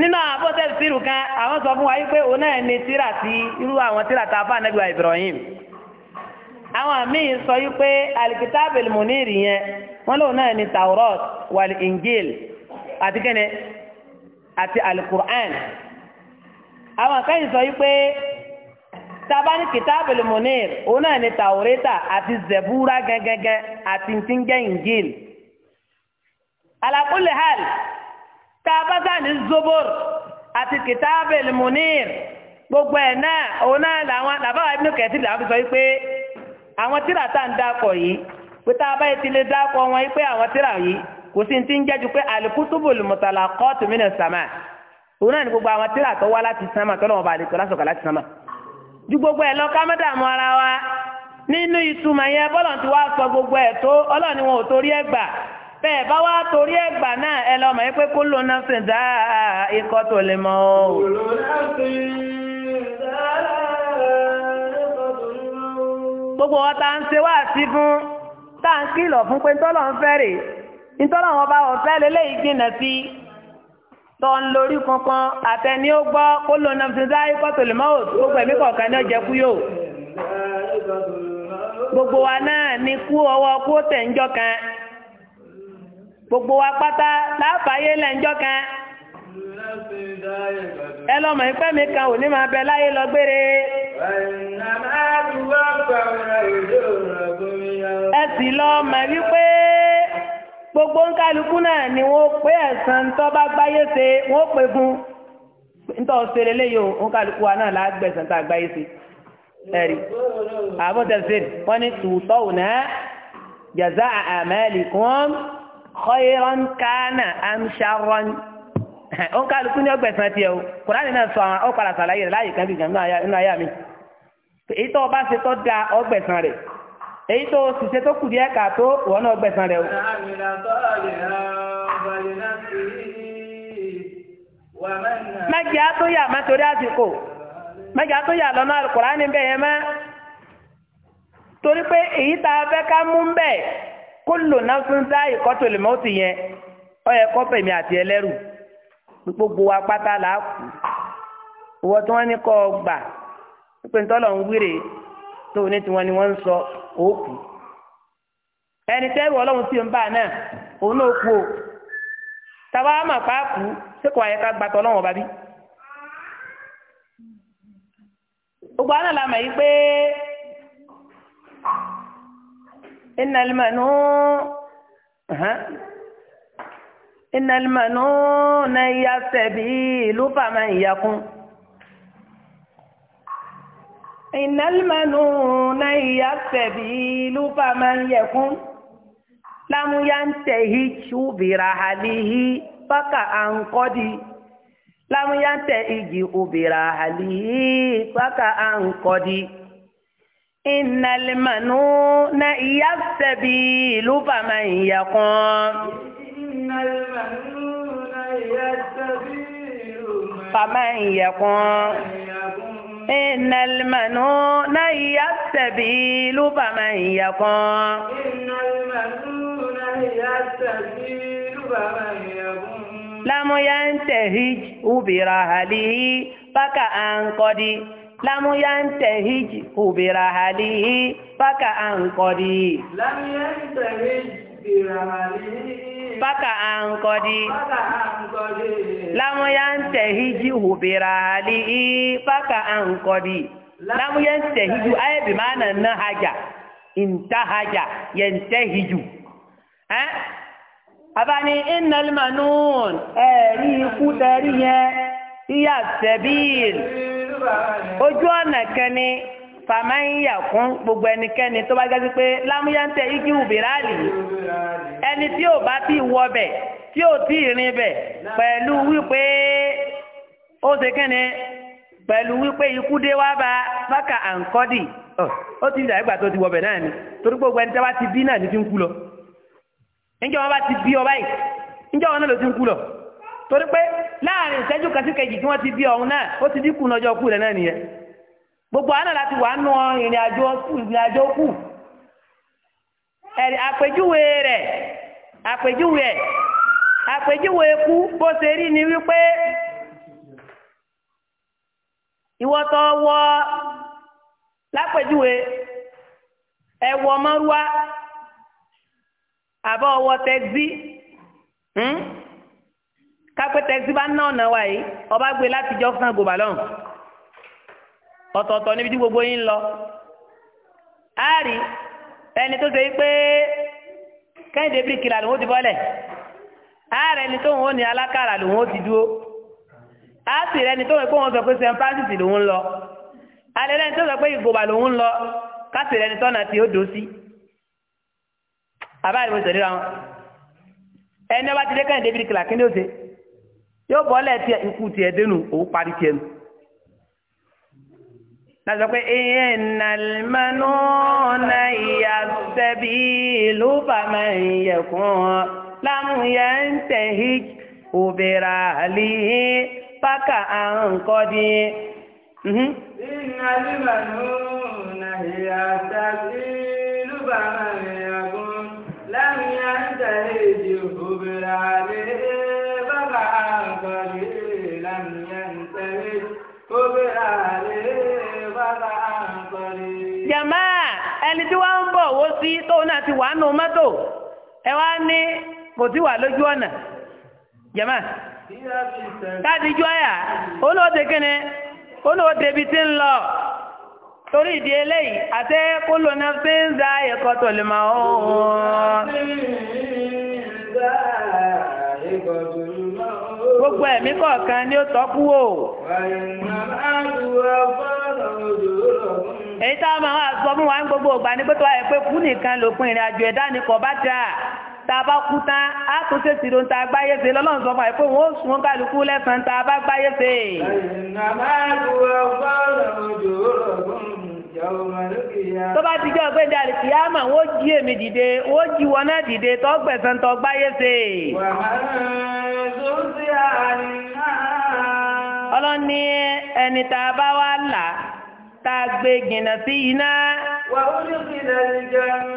nínú àwọn abọ́tẹ́lì sírù kan àwọn sọ fún wa yí pé òun náà ní tíra ti irú àwọn tíra ta fún anabiwa Ibrahim àwọn míín sọ yí pé alikitabel muniri yẹn wọn lòun náà ní Taurat wàlí Injil àti kẹ́ni àti alikur'an àwọn kan sọ yí pé taba ni kitabul munir òun ni tàwórẹ́tà ati zebura gẹ́gẹ́gẹ́ àti ntíngẹ́ injil ala kulli hal taba sáà ní zobor àti kitabul munir gbogbo ẹ̀ náà la náà làwọn làbáwá ibùdó kẹ̀sì làwọn fi sọ yìí pé àwọn tíra tá à ń dákọ̀ yìí pé tá a bá yẹ ti lè dákọ̀ wọn yìí pé àwọn tíra kò sí ti ń jẹ́jú pé al-kutubul mutalaqatu minas sama òun ni gbogbo àwọn tíra tó wá láti sánmà tó lọ́wọ́ bá àlè tó lásọ̀kọ̀ láti sánmà. ju gbogbo ẹ̀ lọ ká má dààmú ara wa nínú ìtumọ̀ yẹn bọ́lọ̀ tí wàá sọ gbogbo ẹ̀ tó ọlọ́run ni wọn ò torí ẹ̀ gbà bẹ́ẹ̀ bá wá torí ẹ̀ gbà náà ẹ lọ mọ̀ pé kó ló ná sí o. gbogbo wọn tá ń ṣe wá sí fún tá ń kìlọ̀ fún pé fẹ́ rè tó ń lórí kankan àtẹni ó gbọ́ kó ló na fi dáyé kọ́tò lè máa ó pẹ̀mí kọ̀ọ̀kan ní ọ̀jẹ̀ kú yóò. gbogbo wa náà ní kú ọwọ́ kú tẹ̀ ń jọ kan gbogbo wa pátá láàfáyé lẹ̀ ń jọ kan ẹ lọ́mọ ìpẹ́ mi kan ò ní máa bẹ láyé lọ gbére. ẹ sì lọ́ọ́ mọ̀ wípé gbogbo ńkálukú náà ni wọ́n pé ẹ̀sán tó bá gbáyé ṣe wọ́n pè fún ntọ́ ṣẹlẹ̀ lẹ́yìn o ńkálukú wa náà là á gbẹ̀sán tá a gbáyé ṣe ẹ̀rí àbọ̀tẹ̀sẹ̀ wọ́n ní tùtọ́ ònà jaza a'malikum khayran kana am sharran òun kálukú o ọgbẹ̀sán tiẹ̀ o kùránì o sọ àwọn ọ̀pàlà sàlàyé rẹ̀ láyé kan bí gan nínú àyà mi èyí tó o bá ṣe tó o ọgbẹ̀sán rẹ̀ èyí tó ṣiṣẹ́ tó kù díẹ̀ kà tó wọ́n náà gbẹ̀sán rẹ̀ o. torí àsìkò mẹ́jẹ̀ á tó yà lọ́nà àlùkùrá níbẹ̀ yẹn mọ́ torí pé èyí a fẹ́ ká yẹn ó yẹ àti ẹlẹ́rù gbogbo wa pátá là owó tí wọ́n ní kọ́ gbà ń wíre tó ní ni wọ́n sọ. ó kú ẹni tẹ́rù ọlọ́run tí ń bá náà òun náà kú o tàbá àmà pàápù síkò àyẹ̀ká gbàtọ̀ ọlọ́run ọba bí. gbogbo àná la mọ̀ yìí pé innal manun innal manun náà yá sẹ́bi ìlú fàmà ìyàkùn. إن المنون يستبيل فمن يكن لم ينتهج برحله فكأن قد لم ينتهج برحله فكأن قد إن المنون يستبيل فمن يكن إن المنون يستبيل فمن يكن إن المنون هي السبيل فمن يقوم إن المنون هي السبيل فمن يقوم لم ينتهج برهله فكأنقدي لم ينتهج برهله فكأنقدي لم ينتهج برهله baka ankọdi lamuya ntẹhiji hubirali i baka ankọdi lamuya ntẹhiju ayé bi ma na na haja ntahaja yẹ ntẹhiju Ha? Eh? abani inalimanun ẹ eh, ní ikú tẹrí yẹn iya sẹbíìl ojú ọ̀nà fàmáyìnyà fún gbogbo ẹnikẹ́ni tó bá gẹ́gẹ́ pé lámúyántẹ igi ẹni tí ò bá ti wọ bẹ tí ò ti rìn bẹ pẹ̀lú wípé ó ṣe kẹ́ni pẹ̀lú wípé ikú dé wá bá àǹkọ́dì ó tó ti wọ bẹ̀ náà ni torí gbogbo ẹni tí bá ti bí náà ni ti ti bí ọ báyìí wọn náà ló ti ń kú lọ torí pé láàrin ìṣẹ́jú kan sí kejì tí wọ́n ti bí ọ̀hún náà ó ti dínkù kú rẹ̀ náà gbogbo àná láti wà nù ìrìn àjò ìrìn àjò kù ẹ̀rí àpèjúwe rẹ̀ àpèjúwe ẹ̀ àpèjúwe ikú bó ṣe rí ni wípé ìwọ́tọ̀ wọ lápèjúwe ẹ̀wọ̀ mọ́rúwá àbọ̀ ọwọ́ tẹ́gbí hmm? kápẹ́ tẹ́gbí bá ná ọ̀nà wáyé ọba gbé láti jọ́ fún agbóbalọ́hùn ọ̀tọ̀ọ̀tọ̀ níbi tí gbogbo yín lọ á rí ẹni tó ṣe yí pé kẹ́hìndé bíríkìlà lòun ó ti bọ́lẹ̀ á rẹ ẹni tó wọn ní alákàrà lòun ó ti dúró á sì rẹ ẹni tó wọn pé wọn sọ pé sẹ́ńt francis lòun ń lọ alẹ́ lẹ́ni tó sọ pé ìgbòba lòun ń lọ ká sì rẹ ẹni tọ́nà tí ó dò sí àbáyé ìwé sọ̀rọ̀ wọn ẹni ọba ti dé kẹ́hìndé bíríkìlà kí ni ó ṣe yóò bọ́lẹ̀ tiẹ̀ ikú tiẹ̀ dénú òun parí tiẹ̀ nù lásán pé iye nàlmánú na ìyá sẹ́bi ìlú bàmà ìyẹ̀kùn lámúyẹ ń tẹ̀hí òbèrà àlìyé bákà àǹkọ́dí. iye nàlmánú na ìyá sẹ́bi ìlú bàmà ìyẹ̀kùn. òwò sí tóun náà ti wà nù mọ́tò ẹ ní kò tí wà lójú ọ̀nà jẹ́mà káàdì ju àyà òun náà ó ti kíni òun ó débi tí ń lọ torí ìdí eléyìí àti kúlò náà fi ń za ẹ̀kọ́ tó lè máa ó gbogbo ẹ̀mí kọ̀ọ̀kan ni ó tọ́kú o. wàyí èyí tá a máa wá sọ fún gbogbo ògbà ní pẹ́tọ́ pé kú nìkan lòpin ìrìnàjò ẹ̀dá ni kò bá dà tá a bá kú tán á tún ṣe sí lóun tá a gbáyé ṣe lọ́lọ́run sọ fún wa pé wọ́n ó kálukú lẹ́sàn-án tá a bá gbáyé ṣe. tó bá ti jẹ́ ọ̀gbẹ́ni wọ́n jí èmi dìde wọ́n jí ẹni tá a gbé gìnà sí iná. wà ó ní gìnà ìjà ń.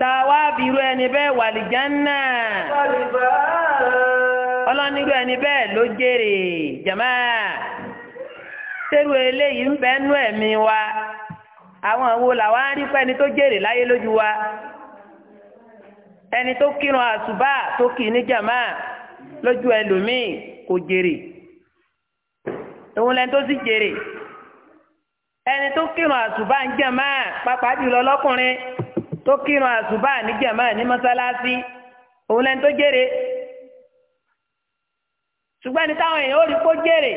tá a wá bírú ẹni bẹ́ẹ̀ wà lìjánná. kàlíbà. ọlọ́nirú ẹni bẹ́ẹ̀ ló jèrè jàmá. sẹ́rù eléyìí ń bẹ́ẹ̀ nú ẹ̀mí wa àwọn wo làwọn á rí pẹ́ni tó jèrè láyé lójú wa ẹni tó kírun àsùbá tó kì í ní jàmá lójú ẹlòmíì kò jèrè òun lẹni tó sì jèrè ẹni tó kírun àsùbá ń jàmá pàápàá jùlọ lọ́kùnrin tó kírun àsùbá ní jàmá ní mọ́sálásí òun lẹni tó jèrè ṣùgbọ́n táwọn èèyàn ó rí kó jèrè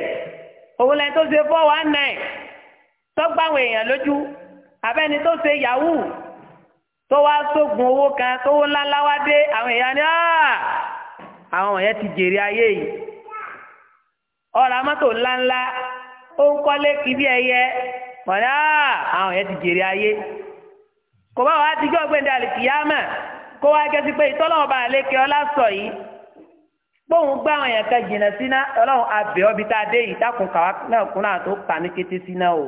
òun lẹni tó ṣe one nine èèyàn yahoo tó wá sógun kan tó wá dé àwọn èèyàn ni ah! àwọn ti jèrè ayé yìí ọ̀rọ̀ amọ́tò ńláńlá wọn ni àwọn yẹn ti jèrè ayé kò bá wàá dijọ́ gbẹ̀ndé àlìkìyámà kó wá gẹ́sí pé ìtọ́lọ́ọ̀bà àlékè ọlá sọ yìí bóun gbá àwọn yẹn kan jìnnà síná ọlọ́run abẹ́ ọbí tá a dé yìí dákun kàwá náà kún náà tó ta ní kété síná o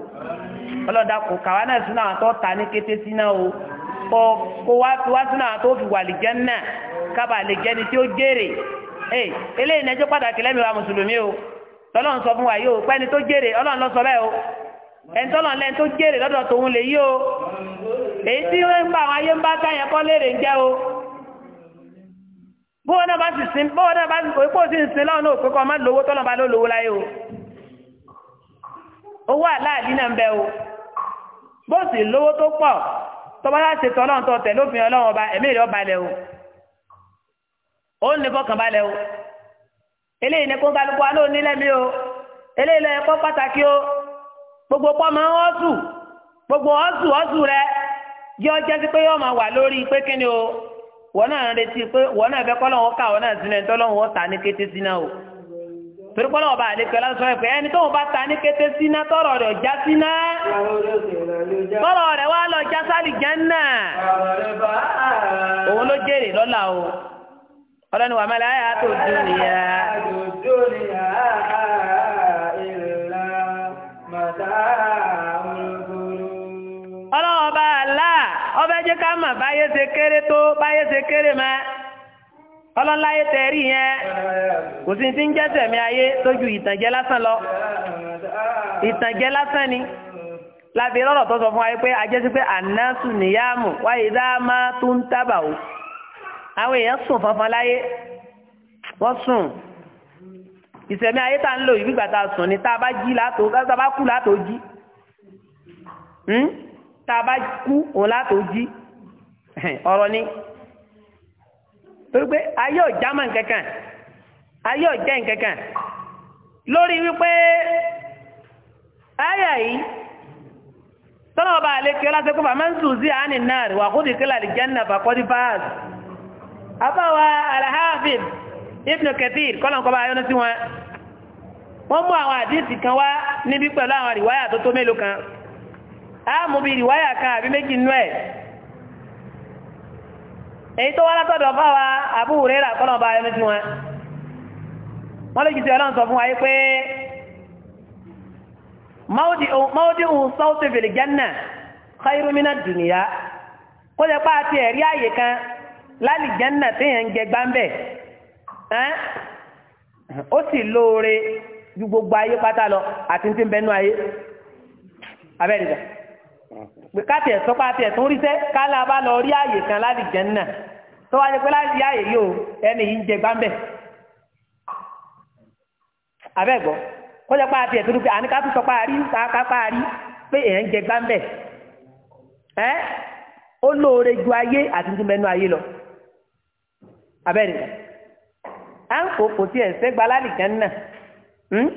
ọlọ́run dákun kàwá náà sún náà tó ta ní kété síná o kó kó wá fi wá sún náà tó fi wà lìjẹ́ náà kábàá lè jẹ́ni tí ó jèrè ee eléyìí nẹjọ́ wa mùsùlùmí o tọ́lọ́run sọ fún wa yìí o pẹ́ni tó ẹ̀ntọ́lọ̀ lẹ́n tó jèrè lọ́dọ̀ tòun lè yí o èyí tí ó ń bá àwọn ayé ń bá táyẹ kọ́ léèrè jẹ́ o bóò náà bá sì sin bóò náà bá sì kò kó sì ń sin lọ́wọ́ náà pé kọ́ lówó tọ́lọ̀ bá lówó láyé o owó àláàdí náà ń bẹ o bó sì lówó tó pọ̀ tọ́ba láti ṣètò ọlọ́run tó tẹ̀ lófin ọlọ́run ọba ẹ̀mí rẹ̀ balẹ̀ o ó ń lè fọkàn balẹ̀ o eléyìí ni kó kálukú alóòní lẹ́mí o eléyìí lẹ́yìn kó pàtàkì o. gbogbo pọ́mọ ọ́sù gbogbo ọ́sù ọ́sù rẹ yọ jẹ́ sí pé yọ máa wà lórí pé o wọnà náà retí pé wọ́n náà fẹ́ kọ́lọ́wọ́ ká náà sílẹ̀ ta ní kété o torí kọ́lọ́wọ́ bá pé ẹni tóun bá ta ní kété rẹ̀ rẹ̀ wá lọ já sálì òun ló jèrè lọ́la o ọlọ́ni ká mọ̀ báyé ṣe kéré tó báyé ṣe kéré mọ́ ọlọ́láyé tẹ̀rí yẹn kò sí ti ń jẹ́ sẹ̀mí ayé tójú ìtànjẹ lásán lọ ìtànjẹ lásán ni lábẹ́ lọ́rọ̀ tó sọ fún wa pé ajẹ́sí pé ànásù nìyáàmù wáyé dáàmà tó ń tábà o àwọn èèyàn sùn fanfan láyé wọ́n sùn ìsẹ̀mí ayé tá ń lò yìí gbígbà sùn ni tá a bá jí látò tá a bá kú látò jí hmm? tá a bá kú òun látò jí. <laughs> ọ̀rọ̀ ni torí pé ayé ọ̀já mọ̀ nkankan ayé ọ̀já nkankan lórí wípé ayé yìí tọ́nà ọba àlekè ọlásẹ́kọ̀ bàmá ń sùn sí àánì náà wà kó dìkẹ́ làlì jẹ́nà fàkọ́dí fáàs afáwa alhafid ibn kathir kọ́nà kọ́ba ayọ́nú sí wọn wọ́n mú àwọn àdíìsì kan wá níbi pẹ̀lú àwọn rìwáyà tó tó mélòó kan á mú bí rìwáyà kan àbí méjì nú ẹ̀ èyí tó wá látọ̀dọ̀ bá wa Abu Hurairah kọ́nà bá ẹni tí wọn wọ́n lè jìtì ọlọ́run sọ fún wa yí pé mawdi ohun sọ́ọ̀tì fil janna khairu mina dunya kó lè pa àti ẹ̀rí àyè kan lálì janna téèyàn ń jẹ gbáǹbẹ̀ ó sì lóore ju gbogbo ayé pátá lọ àti ti ń bẹnu ayé abẹ́rẹ́ pé káàtì ẹ̀ sọ́pá àti ẹ̀tún ríṣẹ́ kálá bá lọ rí àyè kan láti jẹ́nà tó wáyé pé láti àyè yóò ẹni yìí ń jẹ gbáǹbẹ̀. abẹ́gbọ́ kọjá pa àti ẹ̀tún ríṣẹ́ àní káàtì sọ́pá rí kápá rí pé èèyàn ń jẹ gbáǹbẹ̀. ẹ́ ó lóore ju ayé àti tuntun mẹ́nu ayé lọ. abẹ́rẹ́ à ń kó kò tí ẹ̀ sẹ́gbà láti jẹ́nà hmm?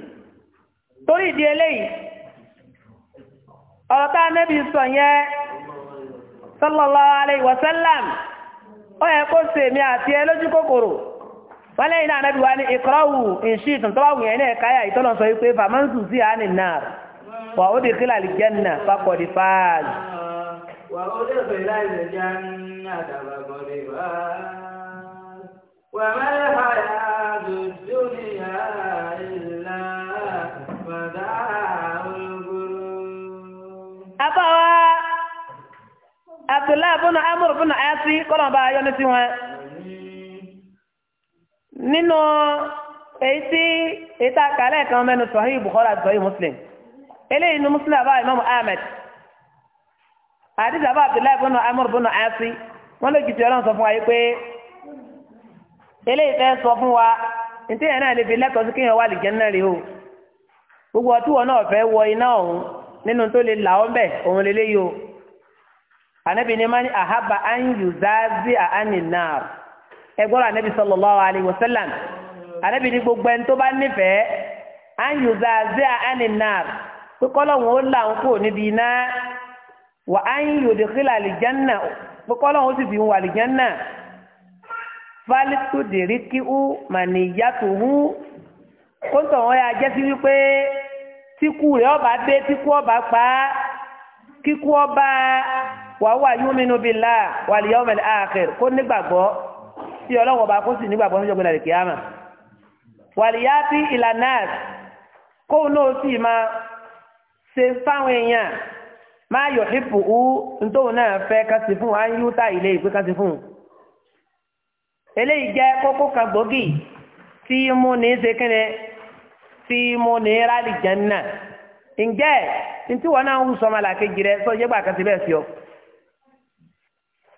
torí ìdí eléyìí. ọ̀rọ̀ tá nẹ́bí sọ yẹn sallallahu alayhi wa sallam ó yẹ kó ṣe mi àti ẹ lójú kòkòrò wọ́n lẹ́yìn náà nẹ́bí wa ní ìkọ́rọ̀wù ìṣí ìtùntọ́wàwù yẹn abdullahi bùnà amúrù bùnà ayásí kọ́lọ̀mbà ayọ́ni sí wọn. nínú èyí tí èyí tá a kà lẹ́ẹ̀kan mẹ́nu sọ̀hí bukhari àti sọ̀hí muslim eléyìí ni muslim àbá imam ahmed àdìsí àbá abdullahi bùnà amúrù bùnà ayásí wọn lè jìjì ọlọ́run sọ fún wa yìí pé eléyìí fẹ́ sọ fún wa ntí yẹn náà lè fi lẹ́tọ̀ọ́ sí kéèyàn wà lè jẹ́ náà rí o gbogbo ọtí wọn náà fẹ́ wọ iná ọ̀hún nínú tó lè là ọ́ bẹ̀ òun lè léyìí o. anabi ní mani ahaba an yuzazi a anin náà ẹ anabi sallallahu alayhi wa sallam anabi ní gbogbo ẹni tó bá nífẹ̀ẹ́ an yuzazi a anin náà pé kọ́lọ́hún ó là ń kó níbi iná wà an yudkhila àlìjánná pé kọ́lọ́hún ó sì fi ń wà àlìjánná fálítù dèríkì ú mànìyàtò ú kóńtò wọn yà jẹ́ sí wípé tíkú rẹ̀ ọba dé tíkú ọba pa kíkú ọba. wà wà yúmínú billah wal yawmil akhir kó nígbàgbọ́ tí ọlọ́wọ́ bá kó sì nígbàgbọ́ ní ìjọba ìlànà kìámà wàlíyàtì ìlànà kóun náà sì máa ṣe fáwọn èèyàn máa yọ̀ hípù ú ntóun náà fẹ́ kásì fún wa ń yúta ilé ìpín kásì fún un eléyìí jẹ́ kókó kan gbòógì tí mo ní ṣe kíni tí mo ní rálì jẹ́ nínà ǹjẹ́ ntí wọn náà ń wù sọmọ làkejì rẹ sọ yẹgbà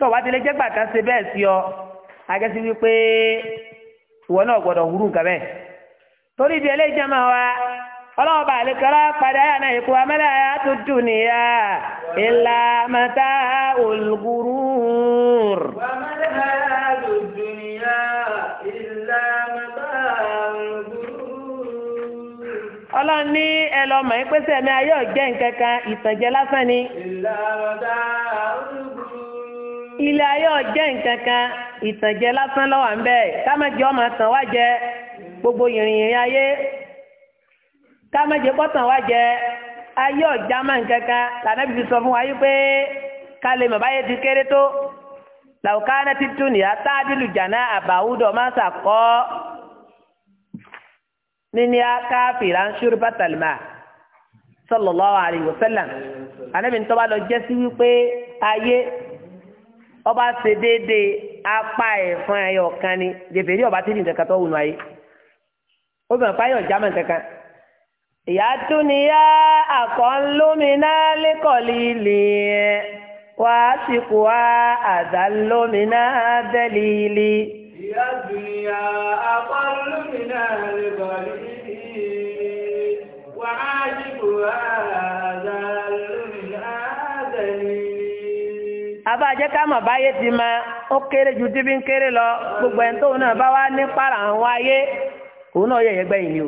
tọ́wọ́ adélé jẹ́ gbàtà ṣe bẹ́ẹ̀ sí ọ agẹ́sí wípé ìwọ náà gbọ́dọ̀ wúrú nǹkan bẹ́ẹ̀ torí ibi ẹlẹ́yìí jẹ́ máa wá ọlọ́wọ́ bá lè kọ́lá padà yà náà ikú amẹ́lẹ́ àyà tó dùn níyà ìlà mẹ́ta olùgúrú. ọlọ́run ní ẹ lọ mọ̀ ẹ́ pẹ́sẹ́ mi ayé ọ̀jẹ̀ nǹkan kan lásán ni. ìlà mẹ́ta olùgúrú ilé ayé ọjẹ́ nǹkan kan ìtànjẹ lásán lọ́wọ́ à ń bẹ̀ kámẹ́jẹ ọmọ tàn wá jẹ gbogbo yìnyín ayé kámẹ́jẹ kọ́ tàn wá jẹ ayé ọjà máa ń kankan lànàbí fi sọ fún wa yí pé kálí màbá yẹ ti kéré tó làwùká náà ti tún nìyà táàdìlù jàná àbáwúdọ̀ máa sàkọ́ níní akáfìrà ń ṣúrú bàtàlímà sallallahu alaihi wasallam ànàbí ń tọ́ba lọ jẹ́ sí wípé ayé ọba ṣe déédéé apá ẹ̀ fún ẹyọ kan ni jẹfẹ̀rí ọba tí ní nǹkan kan tó wù nù ayé ó bẹ̀rẹ̀ fáyọ̀ jámẹ̀ nǹkan kan ìyá túnìyá àkọ́ńlómìnà lẹ́kọ̀ọ́lìlì ẹ̀ wá síkù wá àdánlómìnà bẹ́lìlì. ìyá túnìyá àkọ́ńlómìnà lẹ́kọ̀ọ́lìlì wá síkù wá àdánlómìnà bẹ́lìlì. abájẹ́ ká mọ̀ báyé ti ma ó kéré ju tíbi ń kéré lọ gbogbo ẹni tóun náà bá wá ní para àwọn ayé òun náà yẹ̀yẹ́ ni o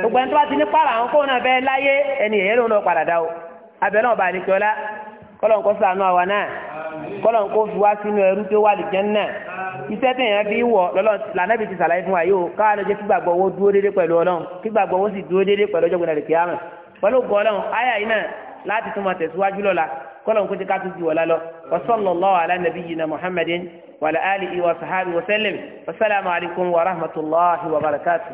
gbogbo ẹni tó bá ti ní para àwọn kóun náà bẹ́ẹ̀ láyé ẹni yẹ̀yẹ́ náà padà dá o abẹ́ náà bá ní kíọ́lá kọ́lọ́n kó sànú àwa náà kọ́lọ́n kó fi wá sínú ẹrú tó wà lìjẹ́ náà iṣẹ́ wọ̀ lọ́lọ́ ti sàlàyé fún wa o káwá kọ́lọ̀ nǹkan ti ká tún ti wọ̀ lálọ́ wasallallahu ala nabiyyina muhammadin wa ala alihi wa sahabi wa sallam wasalaamu alaykum wa rahmatulahi wa barakatuh.